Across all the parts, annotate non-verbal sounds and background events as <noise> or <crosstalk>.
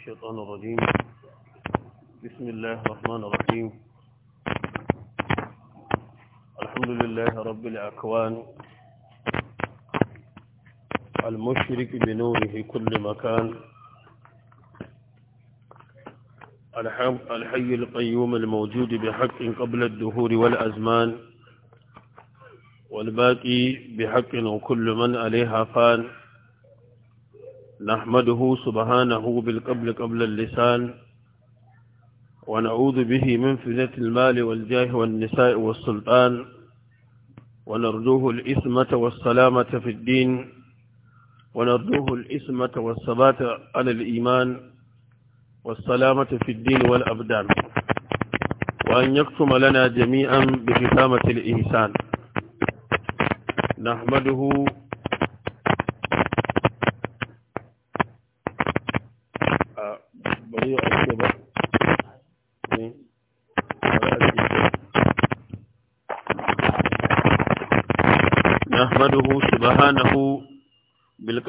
الشيطان الرجيم بسم الله الرحمن الرحيم الحمد لله رب الأكوان المشرك بنوره كل مكان الحي القيوم الموجود بحق قبل الدهور والأزمان والباقي بحق وكل من عليها فان نحمده سبحانه بالقبل قبل اللسان ونعوذ به من فزة المال والجاه والنساء والسلطان ونرجوه الإثمة والسلامة في الدين ونرجوه الإثمة والثبات على الإيمان والسلامة في الدين والأبدان وأن يكتم لنا جميعا بختامة الإنسان نحمده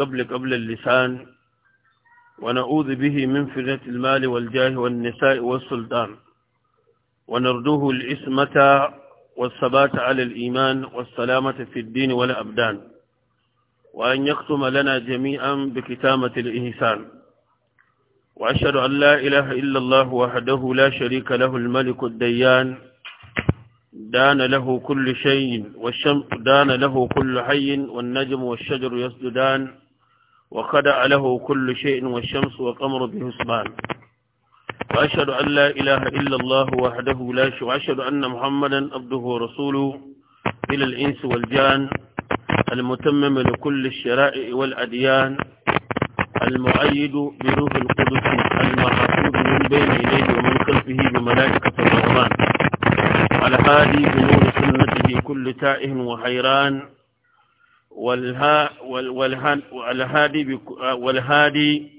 قبل قبل اللسان ونعوذ به من فتنة المال والجاه والنساء والسلطان ونرجوه الإسمة والثبات على الإيمان والسلامة في الدين والأبدان وأن يختم لنا جميعا بكتامة الإحسان وأشهد أن لا إله إلا الله وحده لا شريك له الملك الديان دان له كل شيء والشمس دان له كل حي والنجم والشجر يسجدان وخدع له كل شيء والشمس والقمر بحسبان وأشهد أن لا إله إلا الله وحده لا شريك وأشهد أن محمدا عبده ورسوله إلى الإنس والجان المتمم لكل الشرائع والأديان المؤيد بروح القدس المحفوظ من بين يديه ومن خلفه بملائكة الرحمن على هذه بنور سنته كل تائه وحيران والها والهادي والهادي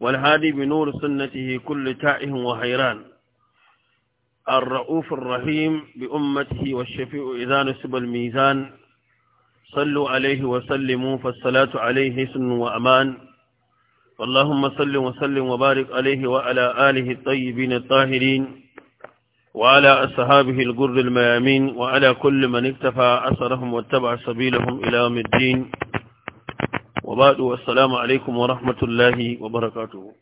والهادي بنور سنته كل تائه وحيران الرؤوف الرحيم بأمته والشفيع إذا نسب الميزان صلوا عليه وسلموا فالصلاة عليه سن وأمان اللهم صل وسلم وبارك عليه وعلى آله الطيبين الطاهرين وعلى أصحابه الجر الميامين وعلى كل من اكتفى أثرهم واتبع سبيلهم إلى يوم الدين وبعد والسلام عليكم ورحمة الله وبركاته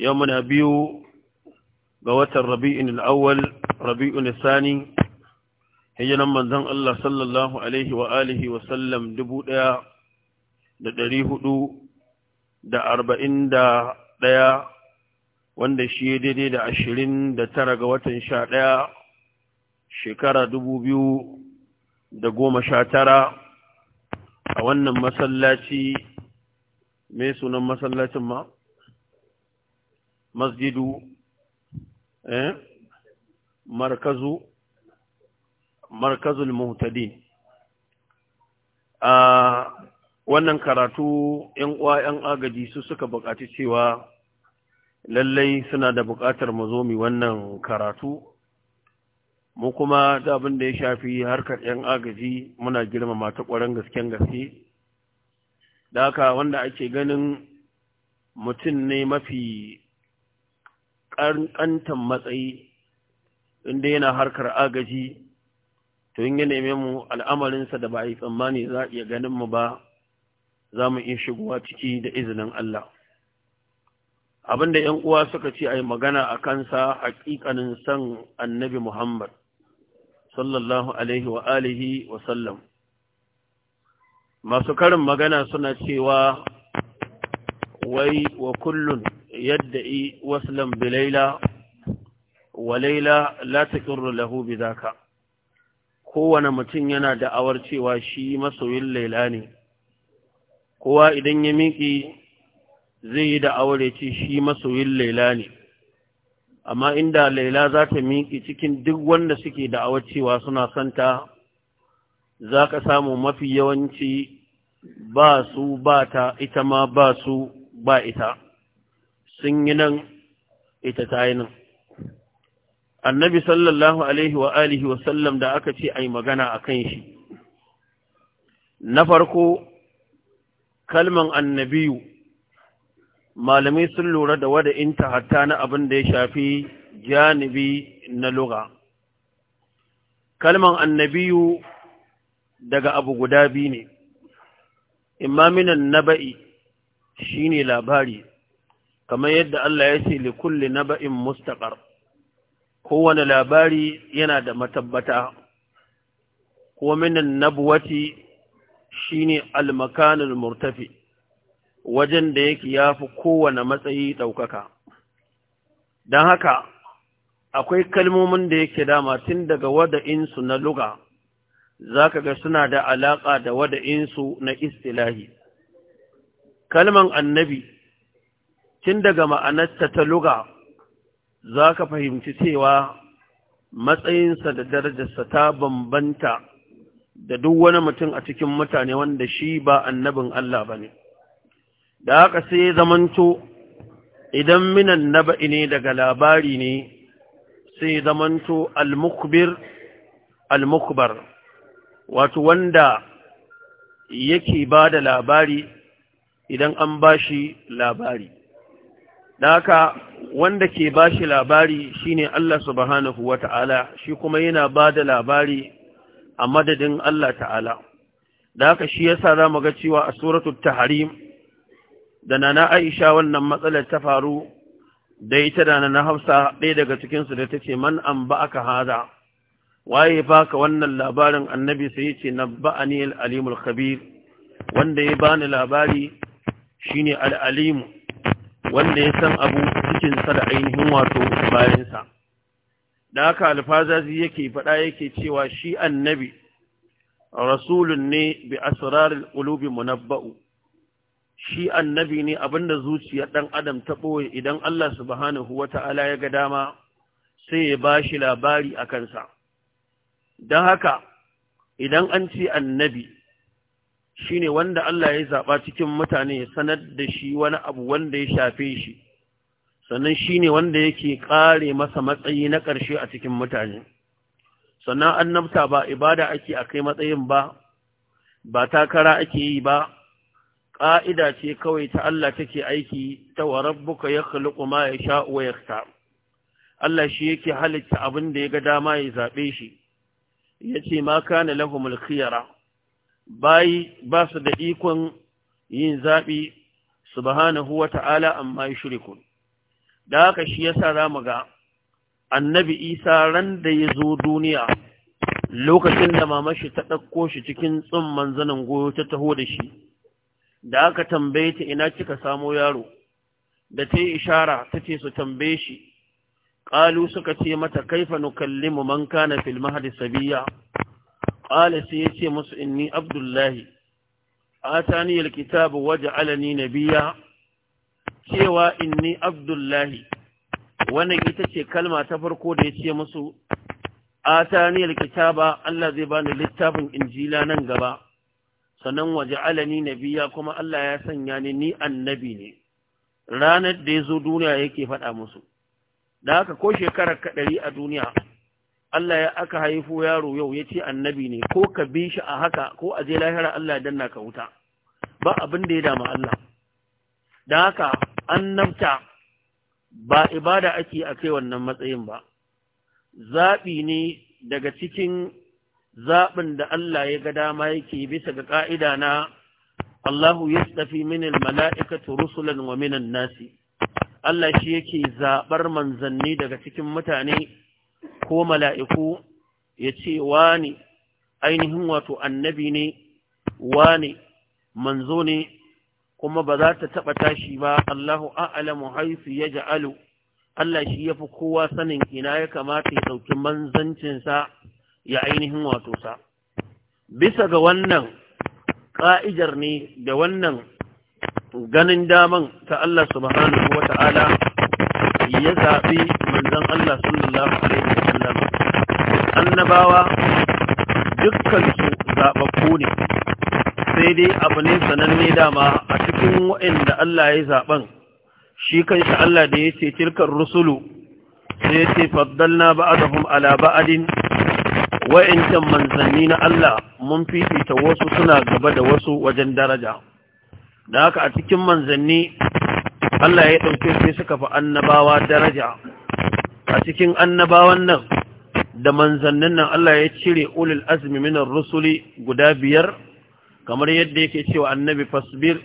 يومنا بيو قوات الربيع الأول ربيع الثاني هجنا من ذن الله صلى الله عليه وآله وسلم دبو دا دريه دو دا أربعين دا ديا wanda shi ya daidai da ashirin da tara ga watan sha ɗaya shekara dubu biyu da goma sha tara a wannan masallaci mai sunan masallacin ma masjidu eh markazu markazul muhtadi a ah, wannan karatu 'yan uwa 'yan agaji su suka buƙaci cewa lallai suna da buƙatar mu zo mu wannan karatu mu kuma da abin da ya shafi harkar 'yan agaji muna girmama ta ƙwaren gasken gaske da haka wanda ake ganin mutum ne mafi ƙanƙantan matsayi inda yana harkar agaji to ya neme mu al'amarinsa da ba a yi tsammani za a iya ganin mu ba za mu iya shigowa ciki da izinin Allah. da ‘yan uwa suka ce a yi magana a kansa haƙiƙanin san annabi Muhammad, sallallahu Alaihi wa alihi wa sallam. Masu karin magana suna cewa wai wa kullun yadda i waslam bilaila wa laila la taqirru lahu zaka. kowane mutum yana da'awar cewa shi masoyin laila ne kowa idan ya miki zai yi da aure ce shi masoyin laila ne amma inda laila za ta miƙi cikin duk wanda suke da'awar cewa suna santa za ka samu mafi yawanci ba su ba ta ita ma ba su ba ita sun yi nan ita ta yi nan annabi sallallahu alaihi wa alihi wa sallam da aka ce ai magana a kan shi na farko kalman annabiyu malamai sun lura da wada inta hatta na abin da ya shafi janibi na lura kalman annabiyu daga abu guda biyu ne imaminan minan shi shine labari kamar yadda Allah ya ce li kulle naba'in mustakar. kowane labari yana da matabbata kuma minan nabwati shine ne almakanin murtafi wajen da yake ya fi kowane matsayi ɗaukaka. Don haka, akwai kalmomin da yake dama tun daga wada'insu na luga, za ka ga suna da alaƙa da wada'insu na istilahi. Kalman annabi, tun daga ma'anarta ta luga, za ka fahimci cewa matsayinsa da darajarsa ta bambanta da duk wani mutum a cikin mutane wanda shi ba annabin Allah ba ne. da haka sai zamanto idan minan naba'i ne daga labari ne sai zamanto al-mukbir al-mukbar wato wanda yake ba da labari idan an bashi labari Daka wanda ke bashi labari shine Allah subhanahu wata'ala shi kuma yana ba da labari a madadin Allah ta'ala da haka shi yasa zamu ga cewa a suratul tahrim da nana Aisha wannan matsalar ta faru da ita da na Hafsa ɗaya daga cikinsu da ta ce man an ba aka haza waye baka wannan labarin annabi sai ya ce na ba'ani al'alimul khabir wanda ya bani labari ne al'alimu wanda ya san abu cikinsa da ainihin wato bayansa da haka alfazazi yake faɗa yake cewa shi annabi rasulun ne bi asrarin ƙulubi munabba'u shi annabi ne abinda zuciyar ɗan adam ta ɓoye idan Allah subhanahu wata'ala ta'ala ya ga dama sai ya ba shi labari a kansa. Don haka, idan an ce annabi shi ne wanda Allah ya zaɓa cikin mutane ya sanar da shi wani abu wanda ya shafe shi, sannan shine ne wanda yake ƙare masa matsayi na ƙarshe a cikin mutane. Sannan annabta ba ibada ake a kai matsayin ba, ba takara ake yi ba, ƙa'ida ce kawai ta Allah take aiki ta wa rabbuka ya khaliqu ma yasha wa ta. Allah shi yake halitta abin da ya ga dama ya zaɓe shi Ya ce ma kana lahumul khiyara bayi ba su da ikon yin zaɓi su subhanahu wa ta'ala amma yushrikun da haka shi ya yasa zamu ga annabi Isa ran da ya zo duniya lokacin da mamashi ta ɗauko shi cikin tsumman zanen goyo ta taho da shi da aka tambaye ta ina kika samo yaro da ta yi ishara ta ce su tambaye shi ƙalu suka ce mata kaifa nukallimu man kana fil mahdi sabiya qala sai yace musu inni abdullahi atani alkitabu waj'alani nabiyya cewa inni abdullahi wannan ita ce kalma ta farko da yace musu atani alkitaba Allah zai bani littafin injila nan gaba sannan waje alani nabiya kuma Allah ya sanya ni ni annabi ne ranar da ya zo duniya yake faɗa musu da haka ko shekarar ka ɗari a duniya Allah ya aka haifo yaro yau ya ce annabi ne ko ka bi shi a haka ko a je lahira Allah ya danna ka wuta ba abin da ya dama Allah da haka annabta ba ibada ake a kai wannan matsayin ba zaɓi ne daga cikin zaɓin da Allah ya ga dama yake bisa ga ƙa'ida na Allahu ya tafi minin mala'ikatu rusulan wa minan nasi. Allah shi yake zaɓar manzanni daga cikin mutane ko mala'iku ya ce wa ne? ainihin wato annabi ne, Wa ne? manzo ne, kuma ba za ta taɓa tashi ba Allahu a'alamu haifu ya ja'alu. Allah shi ya fi kowa sanin ina ya kamata ya ɗauki manzancinsa. ya ainihin wato sa bisa ga wannan ƙa'idar ne da wannan ganin daman ta Allah subhanahu wa ta'ala ya zaɓi manzon Allah sallallahu alaihi wa annabawa dukkansu zaɓaɓɓu ne sai dai abu ne sananne dama a cikin waɗanda Allah ya zaɓan. shi kanshi Allah da ya ce tilkar rusulu sai ya ce faddalna ba'adahum ala ba'adin wa'incan manzanni na Allah mun fifita wasu suna gaba da wasu wajen daraja da haka a cikin manzanni Allah ya ɗauke sai suka fi annabawa daraja a cikin annabawan nan da manzannin nan Allah ya cire ulil azumi minar rusuli guda biyar kamar yadda yake cewa annabi fasbir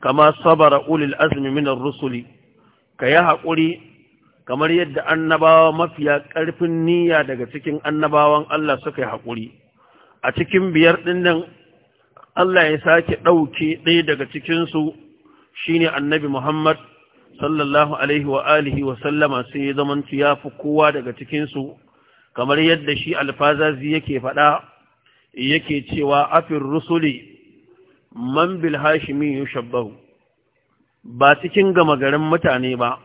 kama sabara ulil azumi minar rusuli ka yi haƙuri kamar yadda annabawa mafiya ƙarfin niyya daga cikin annabawan Allah suka yi haƙuri a cikin biyar ɗin nan Allah ya sake ɗauke ɗaya daga cikinsu shi ne annabi Muhammad sallallahu alaihi wa alihi wa sallama sai ya zamantu ya fi kowa daga cikinsu kamar yadda shi alfazazi yake faɗa yake cewa afin rusuli man bil hashimi yushabbahu ba cikin gama garin mutane ba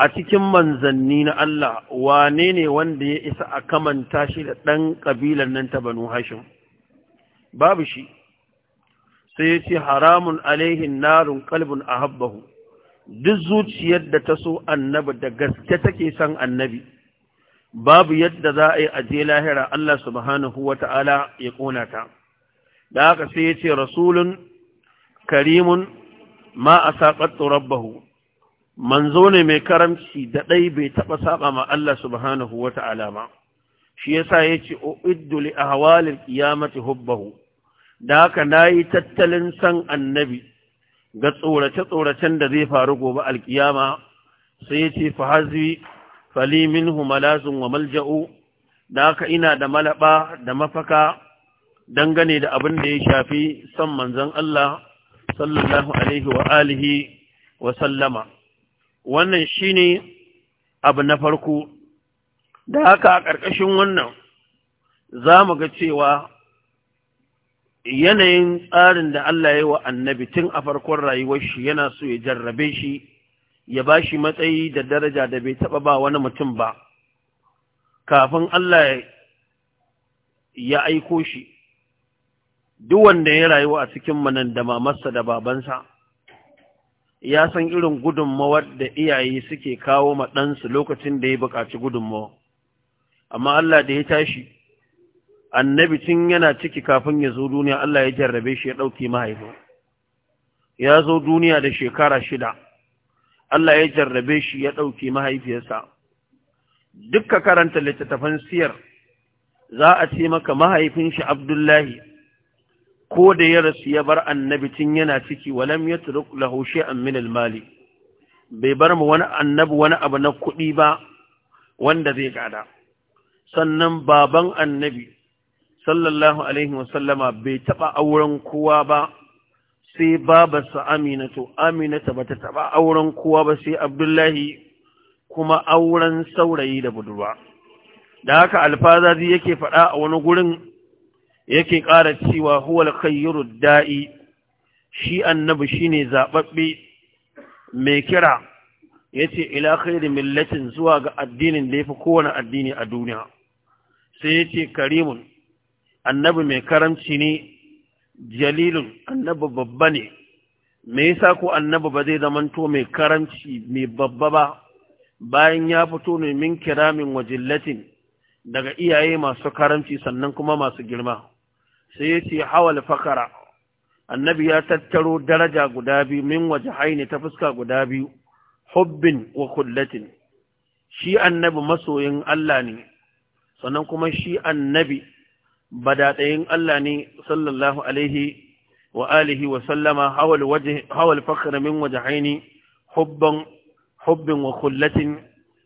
a cikin manzanni na Allah wane ne wanda ya isa a kamanta shi da ɗan ƙabilan nan ta banu hashim babu shi sai ya ce haramun alaihin narun kalbin a habbahu duk zuciyar da ta so annabi da gaske take son annabi babu yadda za a yi aje lahira Allah subhanahu wa ta'ala ya ƙona ta da haka sai ya ce rasulun karimun ma a saƙattun rabbahu manzo ne mai karamci da ɗai bai taɓa saba ma Allah subhanahu wa ta'ala ma shi yasa ya ce uiddu li ahwalil qiyamati hubbahu da haka nayi tattalin san annabi ga tsorace tsoracen da zai faru gobe alkiyama sai ya ce fa hazwi fali wa malja'u da haka ina da malaba da mafaka dangane da abin da ya shafi san manzon Allah sallallahu alaihi wa alihi wa sallama wannan shine abu na farko da haka a ƙarƙashin wannan za mu ga cewa yanayin tsarin da Allah ya yi wa annabi tun a farkon rayuwar shi yana so ya jarrabe shi ya ba shi matsayi da daraja da bai taɓa ba wani mutum ba kafin Allah ya aiko shi duk wanda ya rayuwa a cikin manan da mamarsa da babansa ya san irin gudunmawar da iyaye suke kawo ma ɗansu lokacin da ya buƙaci gudunmawa amma Allah da ya tashi annabi tun yana ciki kafin ya zo duniya Allah ya jarrabe shi ya ɗauki mahaifa ya zo duniya da shekara shida Allah ya jarrabe shi ya ɗauki mahaifiyarsa dukka karanta littattafan siyar za a ce maka mahaifin shi Abdullahi ko da ya rasu ya bar annabi tun yana ciki walam yatruk lahu shay'an min al-mali bai bar mu wani annabi wani abu na kuɗi ba wanda zai gada sannan baban annabi sallallahu alaihi wasallama bai taɓa auren kowa ba sai babarsa aminatu aminata bata ta taɓa auren kowa ba sai abdullahi kuma auren saurayi da budurwa da haka alfazazi yake faɗa a wani gurin yake ƙara cewa huwal khayru da'i shi annabi shine zababbe mai kira yace ila khayri millatin zuwa ga addinin da yafi kowane addini a duniya sai yace karimun annabi mai karamci ne jalilun annabi babba ne me yasa ko annabi ba zai zamanto mai karamci mai babba ba bayan ya fito ne min kiramin wajillatin daga iyaye masu karamci sannan kuma masu girma sai yace hawal fakara annabi ya tattaro daraja guda biyu min waje haini ta fuska guda biyu hubbin wa kullatin shi annabi masoyin Allah ne sannan kuma shi annabi badadayin Allah ne sallallahu alaihi wa alihi wa sallama hawal fakara min waje haini, hubbin wa kullatin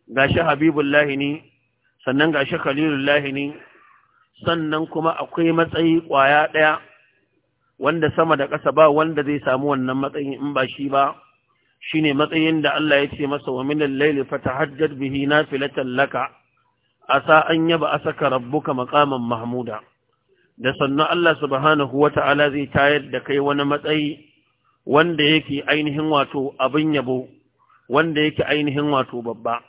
gashi habibullahi ne sannan gashi khalilullahi ne sannan kuma akwai matsayi ƙwaya ɗaya wanda sama da ƙasa ba wanda zai samu wannan matsayin in ba shi ba shi ne matsayin da Allah ya ce masa wa min laili Hajjar hajjar bihi filatan laka sa an yaba a saka rabbuka maƙaman mahmuda da sannan Allah subhanahu ta'ala zai tayar da kai wani matsayi wanda yake ainihin wato abin yabo wanda yake ainihin wato babba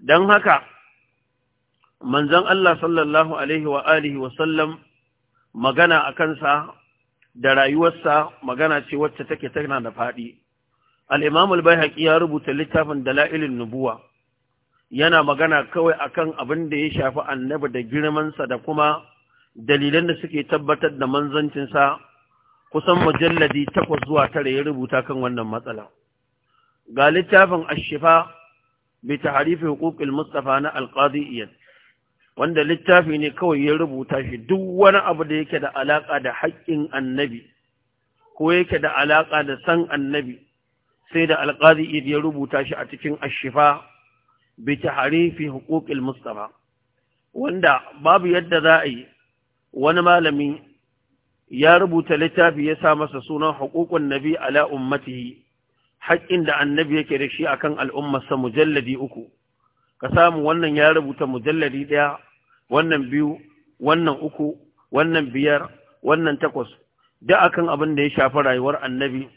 don haka manzon Allah sallallahu alaihi wa alihi magana a kansa da rayuwarsa magana ce wacce take tana da faɗi al-imam al ya rubuta littafin dalailin nubuwa yana magana kawai akan abin da ya shafi annabi da girmansa da kuma dalilan da suke tabbatar da manzancinsa kusan mujalladi takwas zuwa tare ya rubuta kan wannan matsala ga littafin ashifa bi tahrifi huquqil mustafa na al iyad wanda littafi ne kawai ya rubuta shi duk wani abu da yake da alaƙa da haƙƙin annabi ko yake da alaƙa da san annabi sai da alƙazi id ya rubuta shi a cikin ashifa bi harifi huquqil mustafa wanda babu yadda za a yi wani malami ya rubuta littafi ya sa masa sunan huququn nabi ala ummatihi haƙƙin da annabi yake da shi akan al'ummarsa mujalladi uku ka samu wannan ya rubuta mujalladi ɗaya wannan biyu wannan uku wannan biyar wannan takwas duk akan abin da ya shafi rayuwar annabi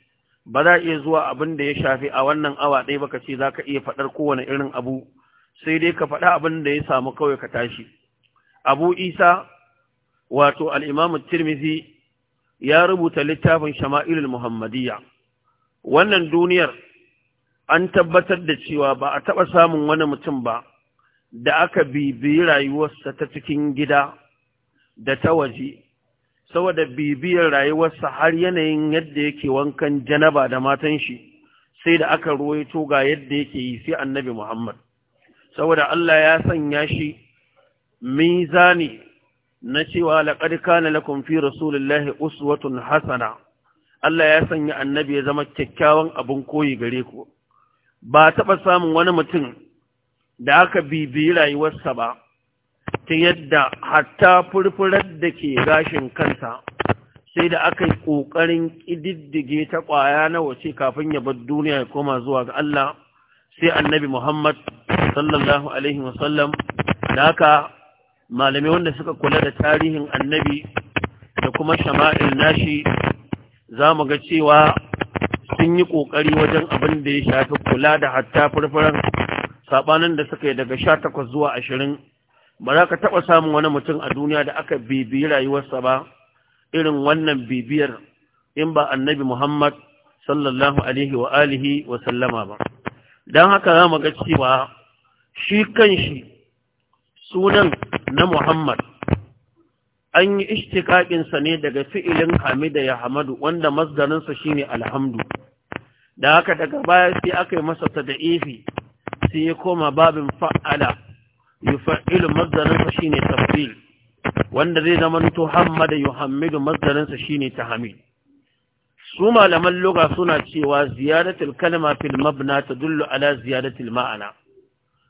ba za iya zuwa abin da ya shafi a wannan awa ɗaya baka ce za ka iya faɗar kowane irin abu sai dai ka faɗa abin da ya samu kawai ka tashi abu isa wato al'imamu tirmizi ya rubuta littafin shama'ilul muhammadiyya wannan duniyar an tabbatar da cewa ba a taɓa samun wani mutum ba da aka bibiyi rayuwarsa ta cikin gida da ta waje, saboda bibiyar rayuwarsa har yanayin yadda yake wankan janaba da matan shi, sai da aka ruwaito ga yadda yake yi sai annabi Muhammad. Saboda Allah ya sanya shi mizani na cewa laƙar kane lakum fi Rasulullahi uswatun Hassana, Allah ya sanya annabi ya zama kyakkyawan abin koyi gare ku. Ba taɓa samun wani mutum da aka bibiyi rayuwarsa ba, ta yadda hatta furfurar da ke gashin kansa sai da aka yi ƙoƙarin ƙididdige ta ƙwaya na wace kafin ya bar duniya ya koma zuwa ga Allah sai annabi Muhammad sallallahu Alaihi wasallam da haka malamai wanda suka kula da tarihin annabi da kuma shama'il nashi za mu ga cewa sun yi ƙoƙari wajen abin da ya shafi kula da hatta furfuran sabanin da suka yi daga sha takwas zuwa ashirin, ba za ka taɓa samun wani mutum a duniya da aka bibiyi rayuwarsa ba irin wannan bibiyar in ba annabi Muhammad sallallahu alaihi wa alihi wa sallama ba Don haka za mu ga cewa shi kan shi sunan na Muhammad an yi ishtiƙaƙinsa ne daga fi'ilin hamida ya hamadu wanda masdarinsa shi ne alhamdu da haka daga baya sai aka yi masa ta da sai ya koma babin fa'ala yufa'ilu mazdarinsa shine tafdil wanda zai zama to hammada yuhammidu mazdarinsa shine tahmid su malaman lugha suna cewa ziyadatul kalma fil mabna tadullu ala ziyadatul ma'ana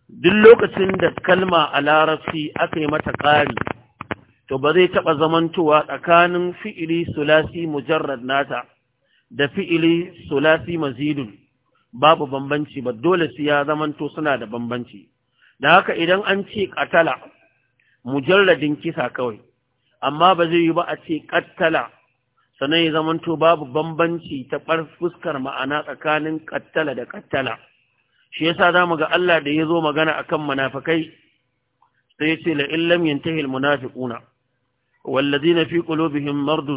duk lokacin da kalma a larabci aka yi mata ƙari to ba zai taɓa zamantowa tsakanin fi'ili sulasi mujarrad nata da fi'ili sulasi mazidun babu bambanci ba dole su ya zamanto suna da bambanci da haka idan an ce katala mujarradin kisa kawai amma ba zai yi ba a ce ƙattala. sannan ya zamanto babu bambanci ta fuskar ma'ana tsakanin ƙattala da ƙattala. shi yasa zamu ga Allah da ya zo magana akan munafikai sai ya ce la illam na almunafiquna والذين في قلوبهم مرض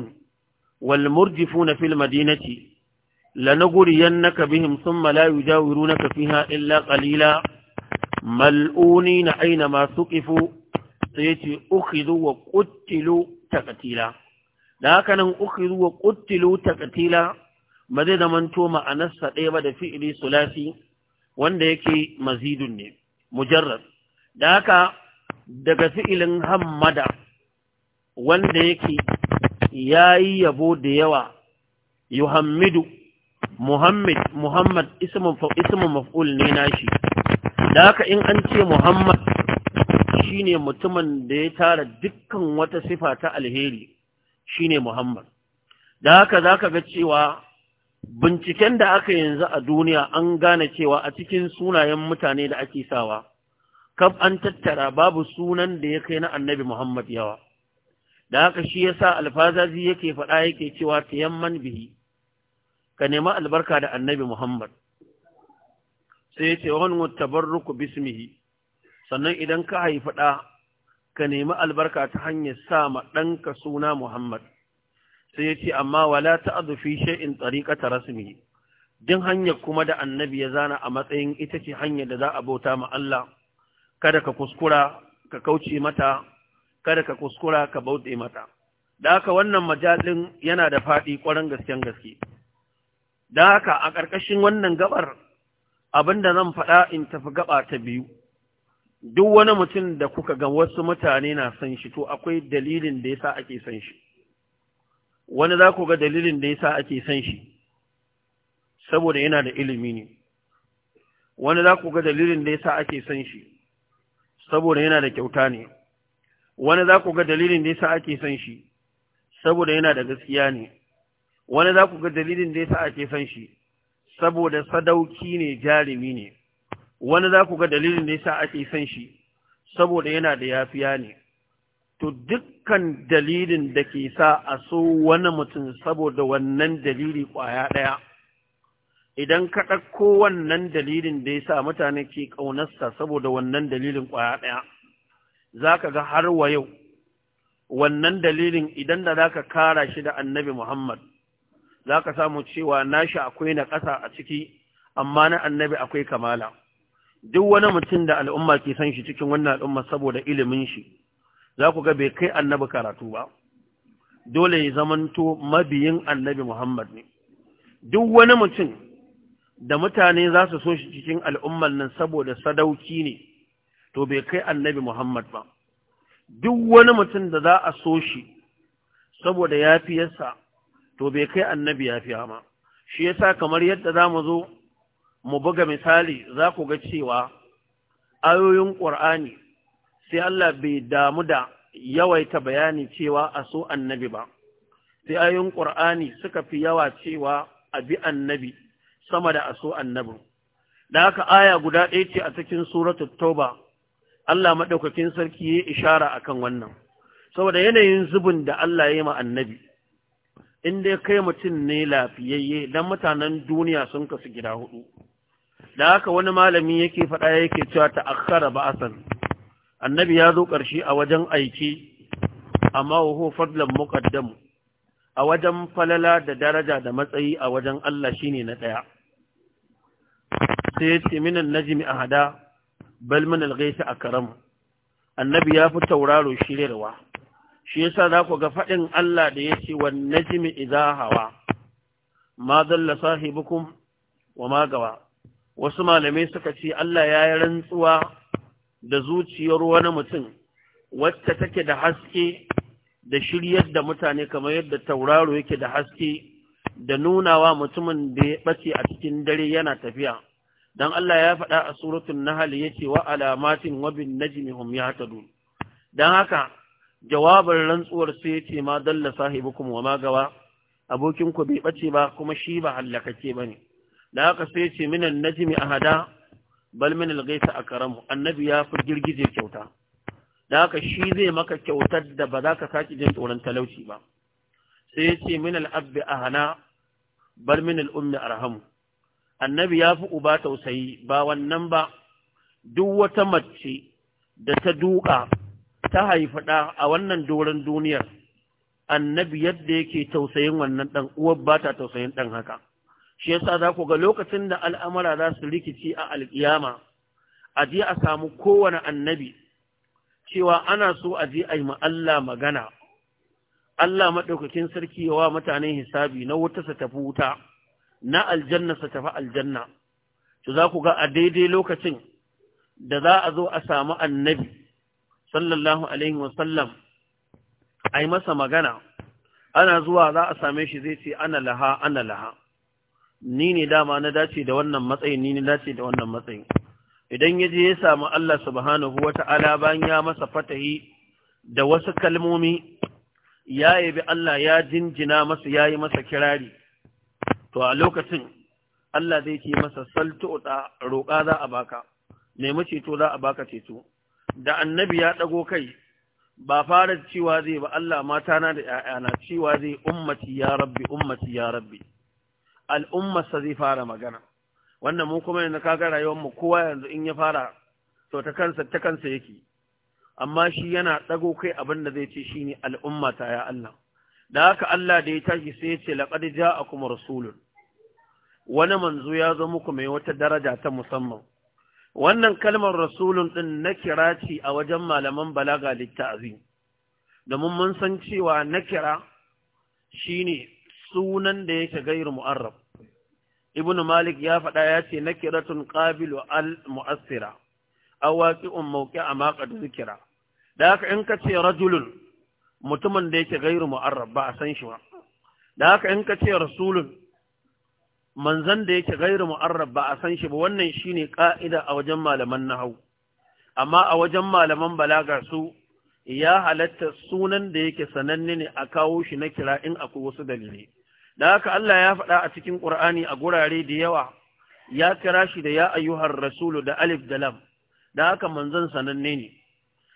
na في المدينة lanaguriyannaka bihim naka la yujawirunaka fiha illa qalila mal'unina aina ma suqifu sai yace ukhidhu wa qutilu taqtila da haka nan ukhidhu wa qutilu taqtila ba zai zamanto ma'anarsa ɗaya ba da fi'ili sulasi wanda yake mazidun ne mujarrad da haka daga fi'ilin hammada wanda yake yayi yabo da yawa yuhammidu Muhammad Muhammad ismin maf'ul ne nashi da haka in an ce Muhammad shine mutumin da ya tara dukkan wata sifa ta alheri shine Muhammad da haka zaka ga cewa binciken da aka yanzu a duniya an gane cewa a cikin sunayen mutane da ake sawa kaf an tattara babu sunan da ya kai na Annabi Muhammad yawa da haka shi yasa alfazazi yake faɗa yake cewa tayamman bihi ka nema albarka da annabi Muhammad sai ya ce wani tabarruku bismihi sannan idan ka haifi ɗa ka nemi albarka ta hanyar sa ma ɗanka suna Muhammad sai ya ce amma wala ta'dhu fi tsari tariqata rasmihi din hanyar kuma da annabi ya zana a matsayin ita ce hanyar da za a bauta ma Allah kada ka kuskura ka kauce mata kada ka kuskura ka bauɗe mata da haka wannan majalin yana da faɗi ƙwarar gasken gaske don haka a ƙarƙashin wannan gabar abin da zan faɗa in tafi gaba ta biyu duk wani mutum da kuka ga wasu mutane na san shi to akwai dalilin da yasa ake san shi wani za ku ga dalilin da yasa ake san shi saboda yana da ilimi ne wani za ku ga dalilin da yasa ake san shi saboda yana da kyauta ne wani za ku ga dalilin da yasa ake san shi saboda yana da gaskiya ne wani za ku ga dalilin da ya sa ake son shi saboda sadauki ne jarumi ne wani za ku ga dalilin da ya sa ake son shi saboda yana da yafiya ne to dukkan dalilin da ke sa a so wani mutum saboda wannan dalili kwaya ɗaya idan ka ɗauko wannan dalilin da ya sa mutane ke ƙaunarsa saboda wannan dalilin kwaya ɗaya za ka ga har wa yau wannan dalilin idan da za ka kara shi da annabi Muhammad za ka samu cewa nashi akwai na ƙasa a ciki amma na annabi akwai kamala duk wani mutum da al'umma ke san shi cikin wannan al'umma saboda ilimin shi za ku ga bai kai annabi karatu ba dole ya zamanto mabiyin annabi Muhammad ne duk wani mutum da mutane za su so shi cikin al'ummar nan saboda sadauki ne to bai kai annabi Muhammad ba duk wani mutum da za a so shi saboda ya fi yafiyarsa to bai kai annabi ya fiya ma shi yasa kamar yadda za mu zo mu buga misali za ku ga cewa ayoyin ƙur'ani sai Allah bai damu da yawaita bayani cewa a so annabi ba sai ayoyin ƙur'ani suka fi yawa cewa a bi annabi sama da a so annabi da haka aya guda ɗaya ce a cikin suratul tauba Allah maɗaukakin sarki ya ishara akan wannan saboda yanayin zubin da Allah ya yi ma annabi in dai kai mutum ne lafiyayye dan mutanen duniya sun kasu gida hudu da haka wani malami yake faɗa yake cewa ta ba ba'asan annabi ya zo ƙarshe a wajen aiki amma huwa fadlan muqaddam a wajen falala da daraja da matsayi a wajen Allah shine na ɗaya. sai ya ce minan najmi ahada bal min al-ghayth akram annabi ya fi tauraro shirarwa shi yasa za ku ga faɗin Allah da ya ce wan najmi idza hawa ma dalla sahibukum wa ma gawa wasu malamai suka ce Allah ya yi rantsuwa da zuciyar wani mutum wacce take da haske da shiryar da mutane kamar yadda tauraro yake da haske da nunawa mutumin da ya ɓace a cikin dare yana tafiya don Allah ya faɗa a suratun ya yace wa alamatin wabin bin najmi hum yahtadun dan haka jawabin rantsuwar sai ce ma dalla sahibukum wa ma gawa abokin ku bai bace ba kuma shi ba hallakake bane da haka sai ce minan najmi ahada bal min al-ghaysa akramu annabi ya fi girgije kyauta da haka shi zai maka kyautar da ba za ka saki jin tsoron talauci ba sai ce min al-abbi ahana bal min al-ummi arhamu annabi ya fi uba tausayi ba wannan ba duk wata mace da ta duka ta haifi ɗa a wannan doron duniyar annabi yadda yake tausayin wannan ɗan uwar ba ta tausayin ɗan haka shi yasa za ku ga lokacin da al'amura za su rikici a alƙiyama a je a samu kowane annabi cewa ana so a je a yi Allah magana Allah maɗaukakin sarki ya wa mutane hisabi na wuta su tafi wuta na aljanna sa tafi aljanna to za ku ga a daidai lokacin da za a zo a samu annabi sallallahu alaihi wasallam a yi masa magana ana zuwa za a same shi zai ce ana laha ana laha ni ne dama na dace da wannan matsayin ni ne dace da wannan matsayin idan ya je ya samu Allah subhanahu wata'ala bayan ya masa fatahi da wasu kalmomi ya yabi Allah ya jinjina masa ya yi masa kirari to a lokacin Allah zai ce masa saltu'ta roƙa za a baka nemi ceto za a baka ceto da annabi ya ɗago kai ba fara cewa zai ba Allah mata na da ‘ya'yana cewa zai ummati ya rabbi ummati ya rabbi al'ummarsa zai fara magana wannan mu kuma yanzu kaga rayuwarmu kowa yanzu in ya fara to ta kansa ta kansa yake amma shi yana ɗago kai abin da zai ce shi ne al'ummata ya Allah da haka Allah da ya tashi sai ya ce laƙar ja a kuma rasulun wani manzo ya zo muku mai wata daraja ta musamman wannan kalmar rasulun ɗin na kira ce a wajen malaman balaga litta'azi domin mun san cewa na kira shi ne sunan da yake gairu mu'arraf ibn malik ya faɗa ya ce na tun ƙabilu al-mu'assira a un mauƙi a maƙa zikira da haka in ka ce rajulun mutumin da yake gairu mu'arraf ba a san shi ba da haka in ka ce rasulun manzan da yake gairu mu'arrab ba a san shi ba wannan shine ƙa'ida a wajen malaman nahau amma a wajen malaman balaga su ya halatta sunan da yake sananne ne a kawo shi na kira in akwai wasu dalilai da haka Allah ya faɗa a cikin Ƙur'ani a gurare da yawa ya kira shi da ya ayyuhar rasulu da alif da lam da haka manzon sananne ne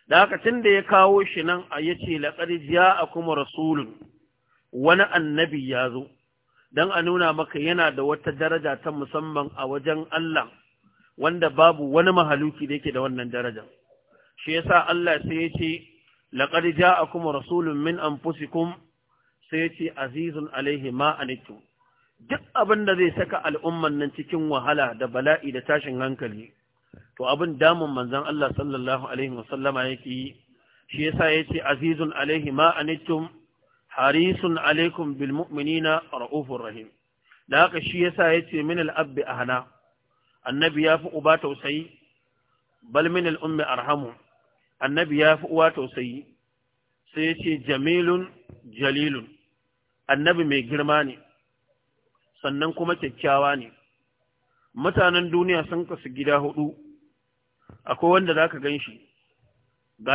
da haka da ya kawo shi nan a yace laqad ja'akum rasulun wani annabi ya zo don a nuna maka yana da wata daraja ta musamman a wajen Allah wanda babu wani mahaluki da yake da wannan daraja shi yasa Allah sai ya ce a kuma rasulun min kum? sai ya ce azizun alaihi ma duk abin da zai saka al'umman nan cikin wahala da bala'i da tashin hankali to abin damun manzon Allah sallallahu alaihi wasallama yake yi shi yasa ya ce azizun alaihi ma harisun alaikum bilmuminina mu'minina ra'ufur rahim da haka shi yasa yace min al abbi ahna annabi ya fi uba tausayi bal min al ummi arhamu annabi ya fi uwa tausayi sai yace jamilun jalilun annabi mai girma ne sannan kuma kyakkyawa ne mutanen duniya sun kasu gida hudu akwai wanda zaka ganshi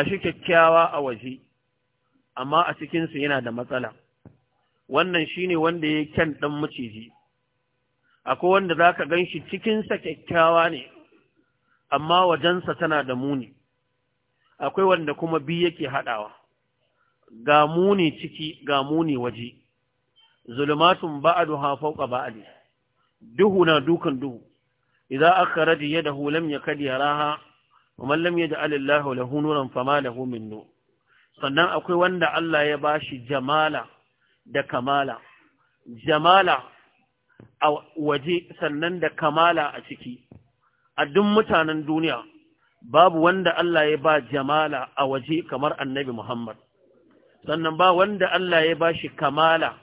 shi kyakkyawa a waje amma a cikinsu yana da matsala wannan shine wanda ya kyan ɗan maciji akwai wanda za ka gan shi cikinsa kyakkyawa ne amma wajensa tana da muni akwai wanda kuma bi yake haɗawa ga muni ciki ga muni waje zulumatun ba'aduha fawqa ba'di duhu na dukan duhu idza akhraja yadahu lam yakad raha? wa man lam yaj'al alillahu lahu nuran fama lahu min nur sannan akwai wanda Allah ya bashi jamala da kamala jamala a waje sannan da kamala a ciki a duk mutanen duniya babu wanda Allah ya ba jamala a waje kamar annabi Muhammad sannan ba wanda Allah ya ba shi kamala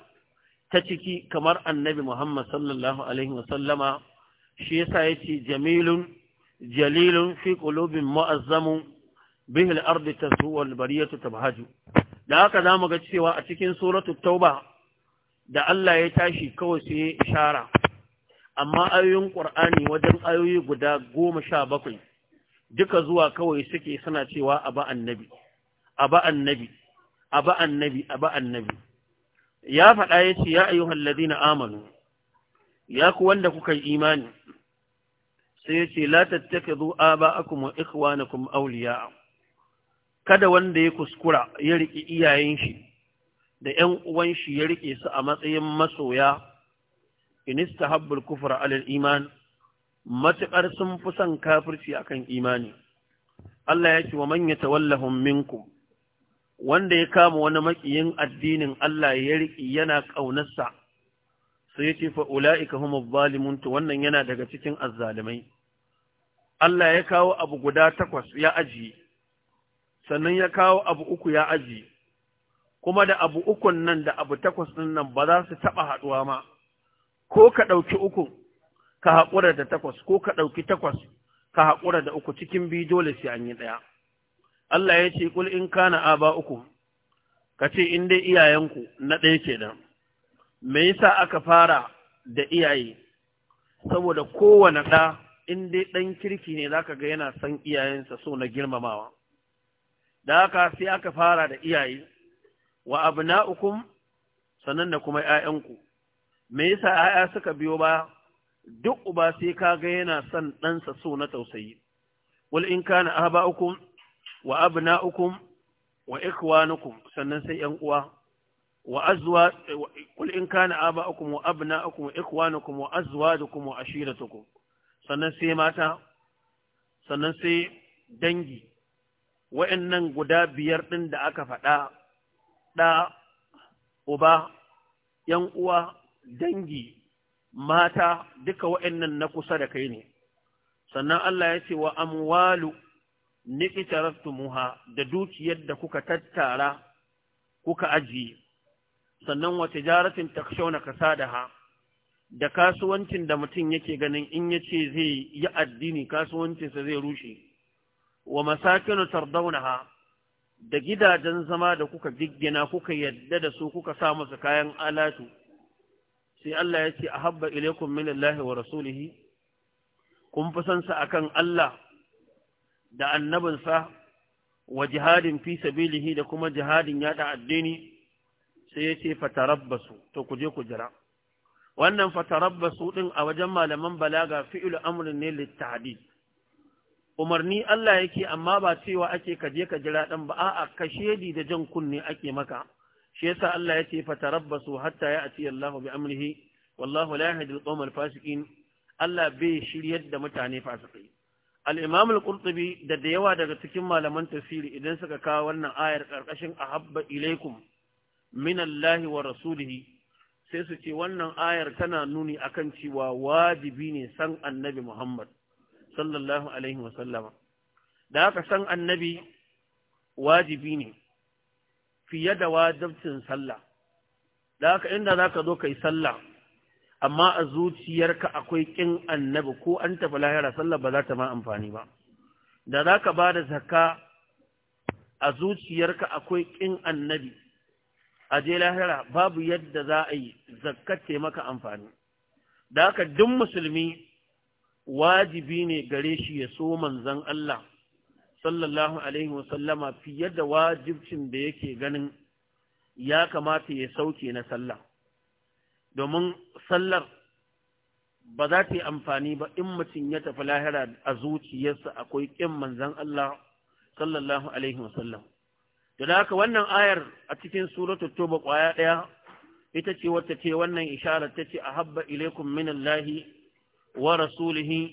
ta ciki kamar annabi Muhammad sallallahu alaihi wasallama shi yasa yace jamilun jalilun fi qulubin mu'azzamun Bihil al-ardi tazhu bariyatu tabhaju da haka zamu ga cewa a cikin suratul tauba da Allah ya tashi kawai sai ya ishara amma ayoyin Qur'ani wajen ayoyi guda goma sha bakwai duka zuwa kawai suke suna cewa aba annabi aba annabi aba annabi aba annabi ya faɗa ya ce ya ayyuhal ladina amanu ya ku wanda kuka yi imani sai ya ce la tattakizu aba'akum wa ikhwanakum awliya'a kada wanda ya kuskura ya riƙe iyayen shi da ‘yan uwan shi ya riƙe su a matsayin masoya, inista habbul kufra alal iman, matuƙar sun fi son kafirci akan imani. Allah ya ce wa manya tawallahun minkum, wanda ya kama wani maƙiyin addinin Allah ya riƙe yana ƙaunarsa, sai ya ce fa'ula'ika humu zalimun wannan yana daga cikin azzalimai. Allah ya kawo abu guda takwas ya ajiye, sannan ya kawo abu uku ya aji kuma da abu ukun nan da abu takwas ɗin nan ba za su taɓa haɗuwa ma ko ka ɗauki ukun ka haƙura da takwas ko ka ɗauki takwas ka haƙura da uku cikin biyu dole sai an yi ɗaya Allah ya ce kul in kana aba uku ka ce in dai iyayenku na ɗaya nan. me yasa aka fara da iyaye saboda kowane ɗa in dai ɗan kirki ne zaka ga yana san iyayensa so na girmamawa da haka sai aka fara da iyaye wa abna'ukum sannan da kuma ‘ya'yanku, me yasa ‘ya'ya suka biyo ba, duk uba sai kaga yana son ɗansa so na tausayi, wal in kana aba'ukum wa abna'ukum wa ikhwanukum sannan sai ‘yan uwa, wa azwa kul in kana aba'ukum wa abna'ukum wa ikhwanukum wa azwajukum wa ashiratukum sannan sai mata sannan sai dangi nan guda biyar ɗin da aka faɗa ɗa uba ‘yan uwa dangi mata duka nan na kusa da kai ne sannan Allah ya ce wa amwalu muha da dukiyar da kuka tattara kuka ajiye sannan wa tijaratin na kasadaha da kasuwancin da mutum yake ganin in yace zai yi addini kasuwancinsa zai rushe wa masakinu tardaunaha da gidajen zama da kuka giggina kuka yadda da su kuka sa musu kayan alatu sai Allah ya ce ahabba ilaikum min Allahi wa rasulihi kun fi san sa akan Allah da annabinsa wa jihadin fi sabilihi da kuma jihadin yaɗa addini sai ya ce fatarabbasu to ku je ku jira wannan fatarabbasu din a wajen malaman balaga fi'il amrin ne litta'did umarni Allah yake amma ba cewa ake ka je ka jira ɗan ba a'a ka shedi da jan kunne ake maka shi yasa Allah ce fatarabbasu hatta ya'ti Allahu bi amrihi wallahu la yahdi al-qawma fasiqin Allah bai shiryar da mutane fasikai al-Imam al-Qurtubi da da yawa daga cikin malaman tafsiri idan suka kawo wannan ayar karkashin ahabba ilaikum min Allah wa rasulihi sai su ce wannan ayar tana nuni akan cewa wajibi ne san annabi Muhammad sallallahu alaihi wasallama da aka san annabi wajibi ne fiye da wajibcin sallah da haka inda za ka zo ka yi sallah amma a zuciyarka akwai ƙin annabi ko an tafi lahira sallah ba za ta ma amfani ba da za ka ba da zakka a zuciyarka akwai ƙin annabi a je lahira babu yadda za a yi zakka taimaka amfani da haka dun musulmi wajibi ne gare shi ya so manzan Allah sallallahu alaihi wasallama fiye da wajibcin da yake ganin ya kamata ya sauke na sallah domin sallar ba za ta yi amfani ba in mutum ya tafi lahira a zuciyarsa akwai ƙin manzan Allah sallallahu alaihi wasallam da haka wannan ayar a cikin suratul toba ƙwaya ɗaya ita ce wata ce wannan isharar ta ce a ilaikum minallahi ورسوله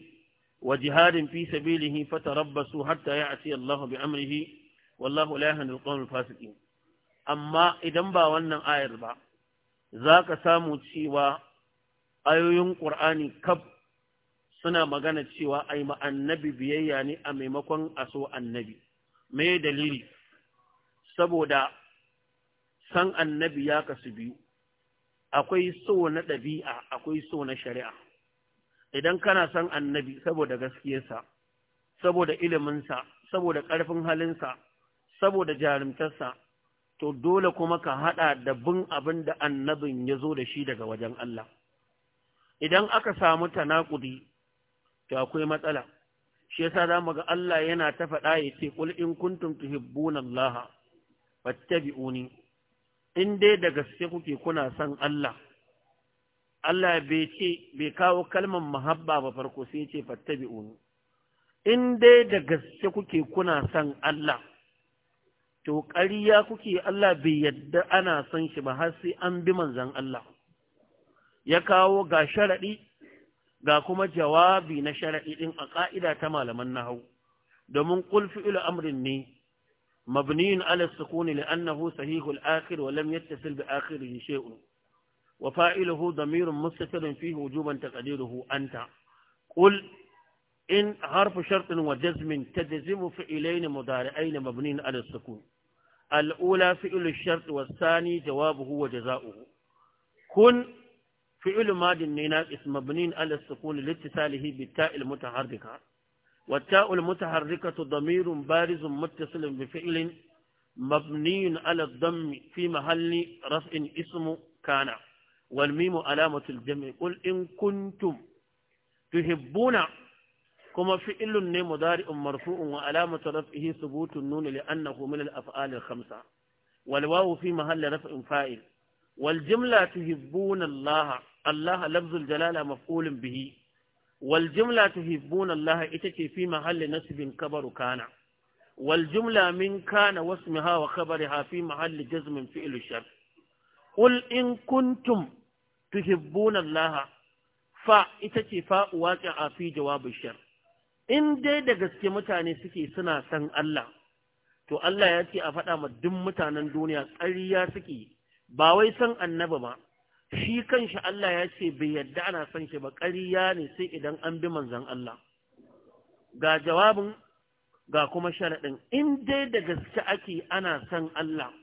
وجهاد في سبيله فتربصوا حتى يأتي الله بأمره والله لا يهدي القوم الفاسقين أما idan با wannan ayar ba zaka samu cewa ayoyin Qur'ani kab suna magana cewa ai ma annabi biyayya ne a maimakon a aso annabi me dalili saboda san annabi ya kasu biyu akwai so na ɗabi'a akwai so na shari'a idan kana son annabi saboda gaskiyarsa saboda iliminsa saboda ƙarfin halinsa saboda jarumtarsa to dole kuma ka haɗa da bin abin da annabin ya zo da shi daga wajen Allah idan aka samu tanakudi to akwai matsala shi yasa zamu ga Allah yana ta faɗa ya ce qul in kuntum Allah fattabi'uni in dai da gaske kuke kuna son Allah Allah bai ce bai kawo kalmar mahabba ba farko sai ce fattabi'uni in dai da gaske kuke kuna son Allah to ƙarya kuke Allah bai yadda ana son shi ba har sai an bi manzan Allah ya kawo ga sharaɗi ga kuma jawabi na sharaɗi ɗin a ƙa'ida ta malaman nahau domin qul fi'lu amrin ne mabniyun ala sukuni annahu sahihul akhir wa lam yattasil bi akhirihi shay'un وفائله ضمير مستتر فيه وجوبا تقديره أنت قل إن حرف شرط وجزم تجزم فعلين مضارعين مبنين على السكون الأولى فعل الشرط والثاني جوابه وجزاؤه كن فعل ماد اسم مبنين على السكون لاتصاله بالتاء المتحركة والتاء المتحركة ضمير بارز متصل بفعل مبني على الضم في محل رفع اسم كان wal mimu alamatul jam'i tuhibbuna kuma fi'ilun ne mudari'un marfu'un wa alamatu raf'ihi thubutun nun li'annahu min al-af'al al-khamsa wal wawu fi mahalli raf'in fa'il wal jumla tuhibbuna Allah Allah lafzul jalala maf'ulun bihi Waljimla, jumla ita ce fi mahalli nasbin kabaru kana wal min kana wasmiha wa khabariha fi mahalli jazmin fi'il shart qul in Tuhibunallaha, fa ita ce fa a fi jawabin shar in dai da gaske mutane suke suna san Allah to Allah ya ce a faɗa ma duk mutanen duniya karya suke ba wai san annabi ba shi kanshi Allah ya ce bai yadda ana san shi ba karya ne sai idan an bi manzon Allah ga jawabin ga kuma sharaɗin in dai da gaske ake ana san Allah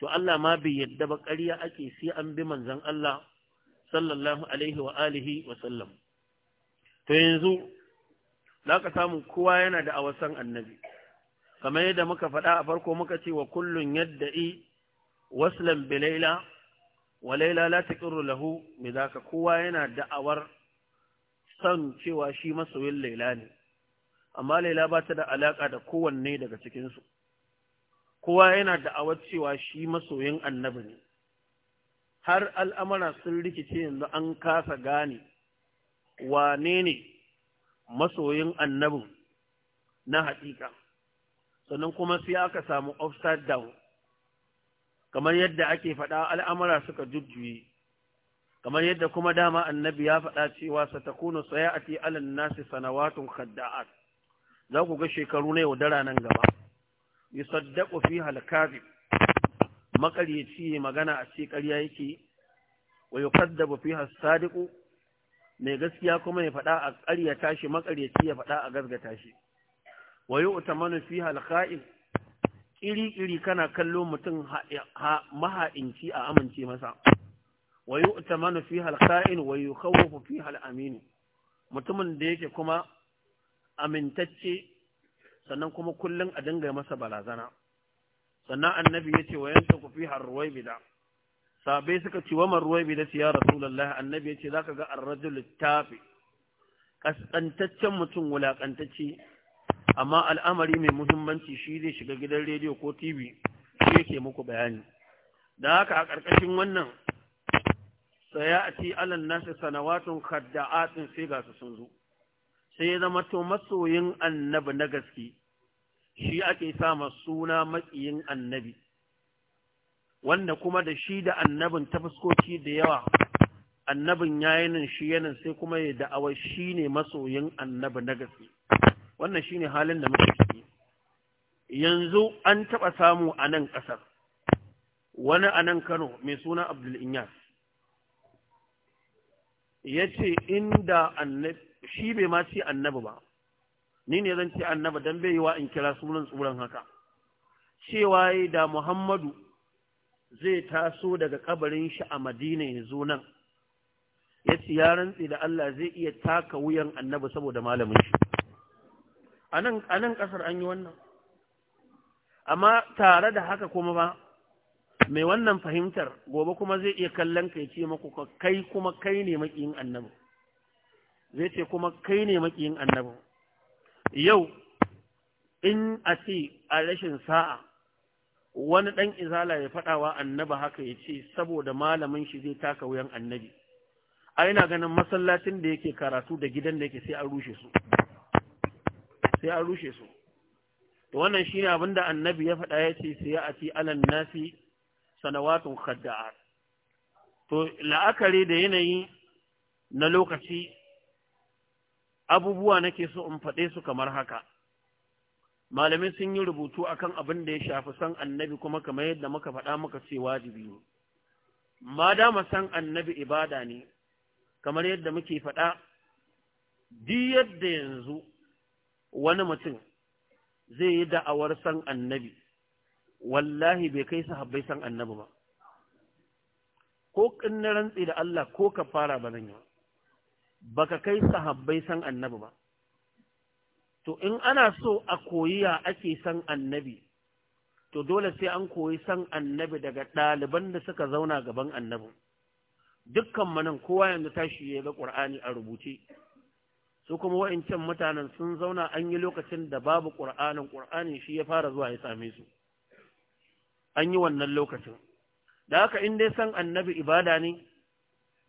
to Allah ma bai yadda ba karya ake sai an bi manzan Allah sallallahu alaihi wa alihi wa sallam to yanzu za ka samu kowa yana da awasan annabi kamar yadda muka faɗa a farko muka ce wa kullum yadda i waslan bilaila wa laila la taqirru lahu ka. kowa yana da'awar san cewa shi masoyin laila ne amma laila ba ta da alaka da kowanne daga cikin su kowa yana da'awar cewa shi masoyin annabi ne har al'amara sun rikice yanzu an kasa gane wane ne masoyin annabin na haƙiƙa sannan kuma sai aka samu upside down kamar yadda ake faɗa al'amara suka jujjuye kamar yadda kuma dama annabi ya faɗa cewa a ti alan nasi sanawatun khadda'at za ku ga shekaru na yaudara nan gaba yi saddaƙo fi makaryaci magana a ce ƙarya yake wa yukaddabu fiha sadiqu mai gaskiya kuma ya faɗa a ƙaryata tashi, makaryaci ya faɗa a gazgata shi wa yu'tamanu fiha al-kha'in iri-iri kana kallo mutum maha'inci a amince masa wa yu'tamanu fiha al-kha'in wa yukhawwafu fiha al-amin mutumin da yake kuma amintacce sannan kuma kullum a dinga masa barazana sannan annabi ya ce wa yanta ku fi har bida sabai suka ce wa man ruwai bida ya rasulallah annabi ya ce za ka ga arrajul littafi? kaskantaccen mutum wulakantacce amma al'amari mai muhimmanci shi zai shiga gidan rediyo ko tv shi yake muku bayani da haka a ƙarƙashin wannan saya a ci alan nasu sanawatun kadda'atun sai ga su sun zo sai ya zama to masoyin annabi na gaske shi ake sama suna matsayin annabi wanda kuma da shi da annabin ta fuskoki da yawa annabin ya yayinin shi yanin sai kuma ya da'awar shi ne masoyin annabi na gaske wannan shi ne halin da muke ciki yanzu an taɓa samu a nan ƙasar wani a nan kano mai suna abdul inyas ya ce inda annabi shi bai ma ce annabi ba ni ne zan ce annaba dan bai yi wa in kira sunan tsuran haka cewa da Muhammadu zai taso daga kabarin shi a Madina ya zo nan ya ya rantsi da Allah zai iya taka wuyan annaba saboda malamin shi a nan ƙasar an yi wannan amma tare da haka kuma ba mai wannan fahimtar gobe kuma zai iya kallon ka ya ce maku kai kuma kai ne makiyin annabi zai ce kuma kai ne makiyin annabi yau in a ce a rashin sa'a wani ɗan izala ya faɗawa annaba haka ya ce saboda malamin shi zai taka wuyan annabi a yana ganin masallacin da yake karatu da gidan da yake sai an rushe su sai an rushe su to wannan shine abin da annabi ya faɗa ya ce sai a ce alan nafi sanawatun Kadda'ar. to la'akari da yanayi na lokaci abubuwa nake so in faɗe su kamar haka malamai sun yi rubutu akan abin da ya shafi san annabi kuma kamar yadda muka faɗa muka ce wajibi ne ma dama san annabi ibada ne kamar yadda muke faɗa duk yadda yanzu wani mutum zai yi da'awar san annabi wallahi bai kai su habbai san annabi ba ko na rantsi da Allah ko ka fara ba zan yi ba baka kai sahabbai san annabi ba to in ana so a koyi ya ake san annabi to dole sai an koyi san annabi daga ɗaliban da suka zauna gaban annabi dukkan manan kowa yanzu tashi ya ga ƙur'ani a rubuce su kuma wayancan mutanen sun zauna an yi lokacin da babu ƙur'anin ƙur'anin shi ya fara zuwa ya same su an yi wannan lokacin da haka in dai san annabi ibada ne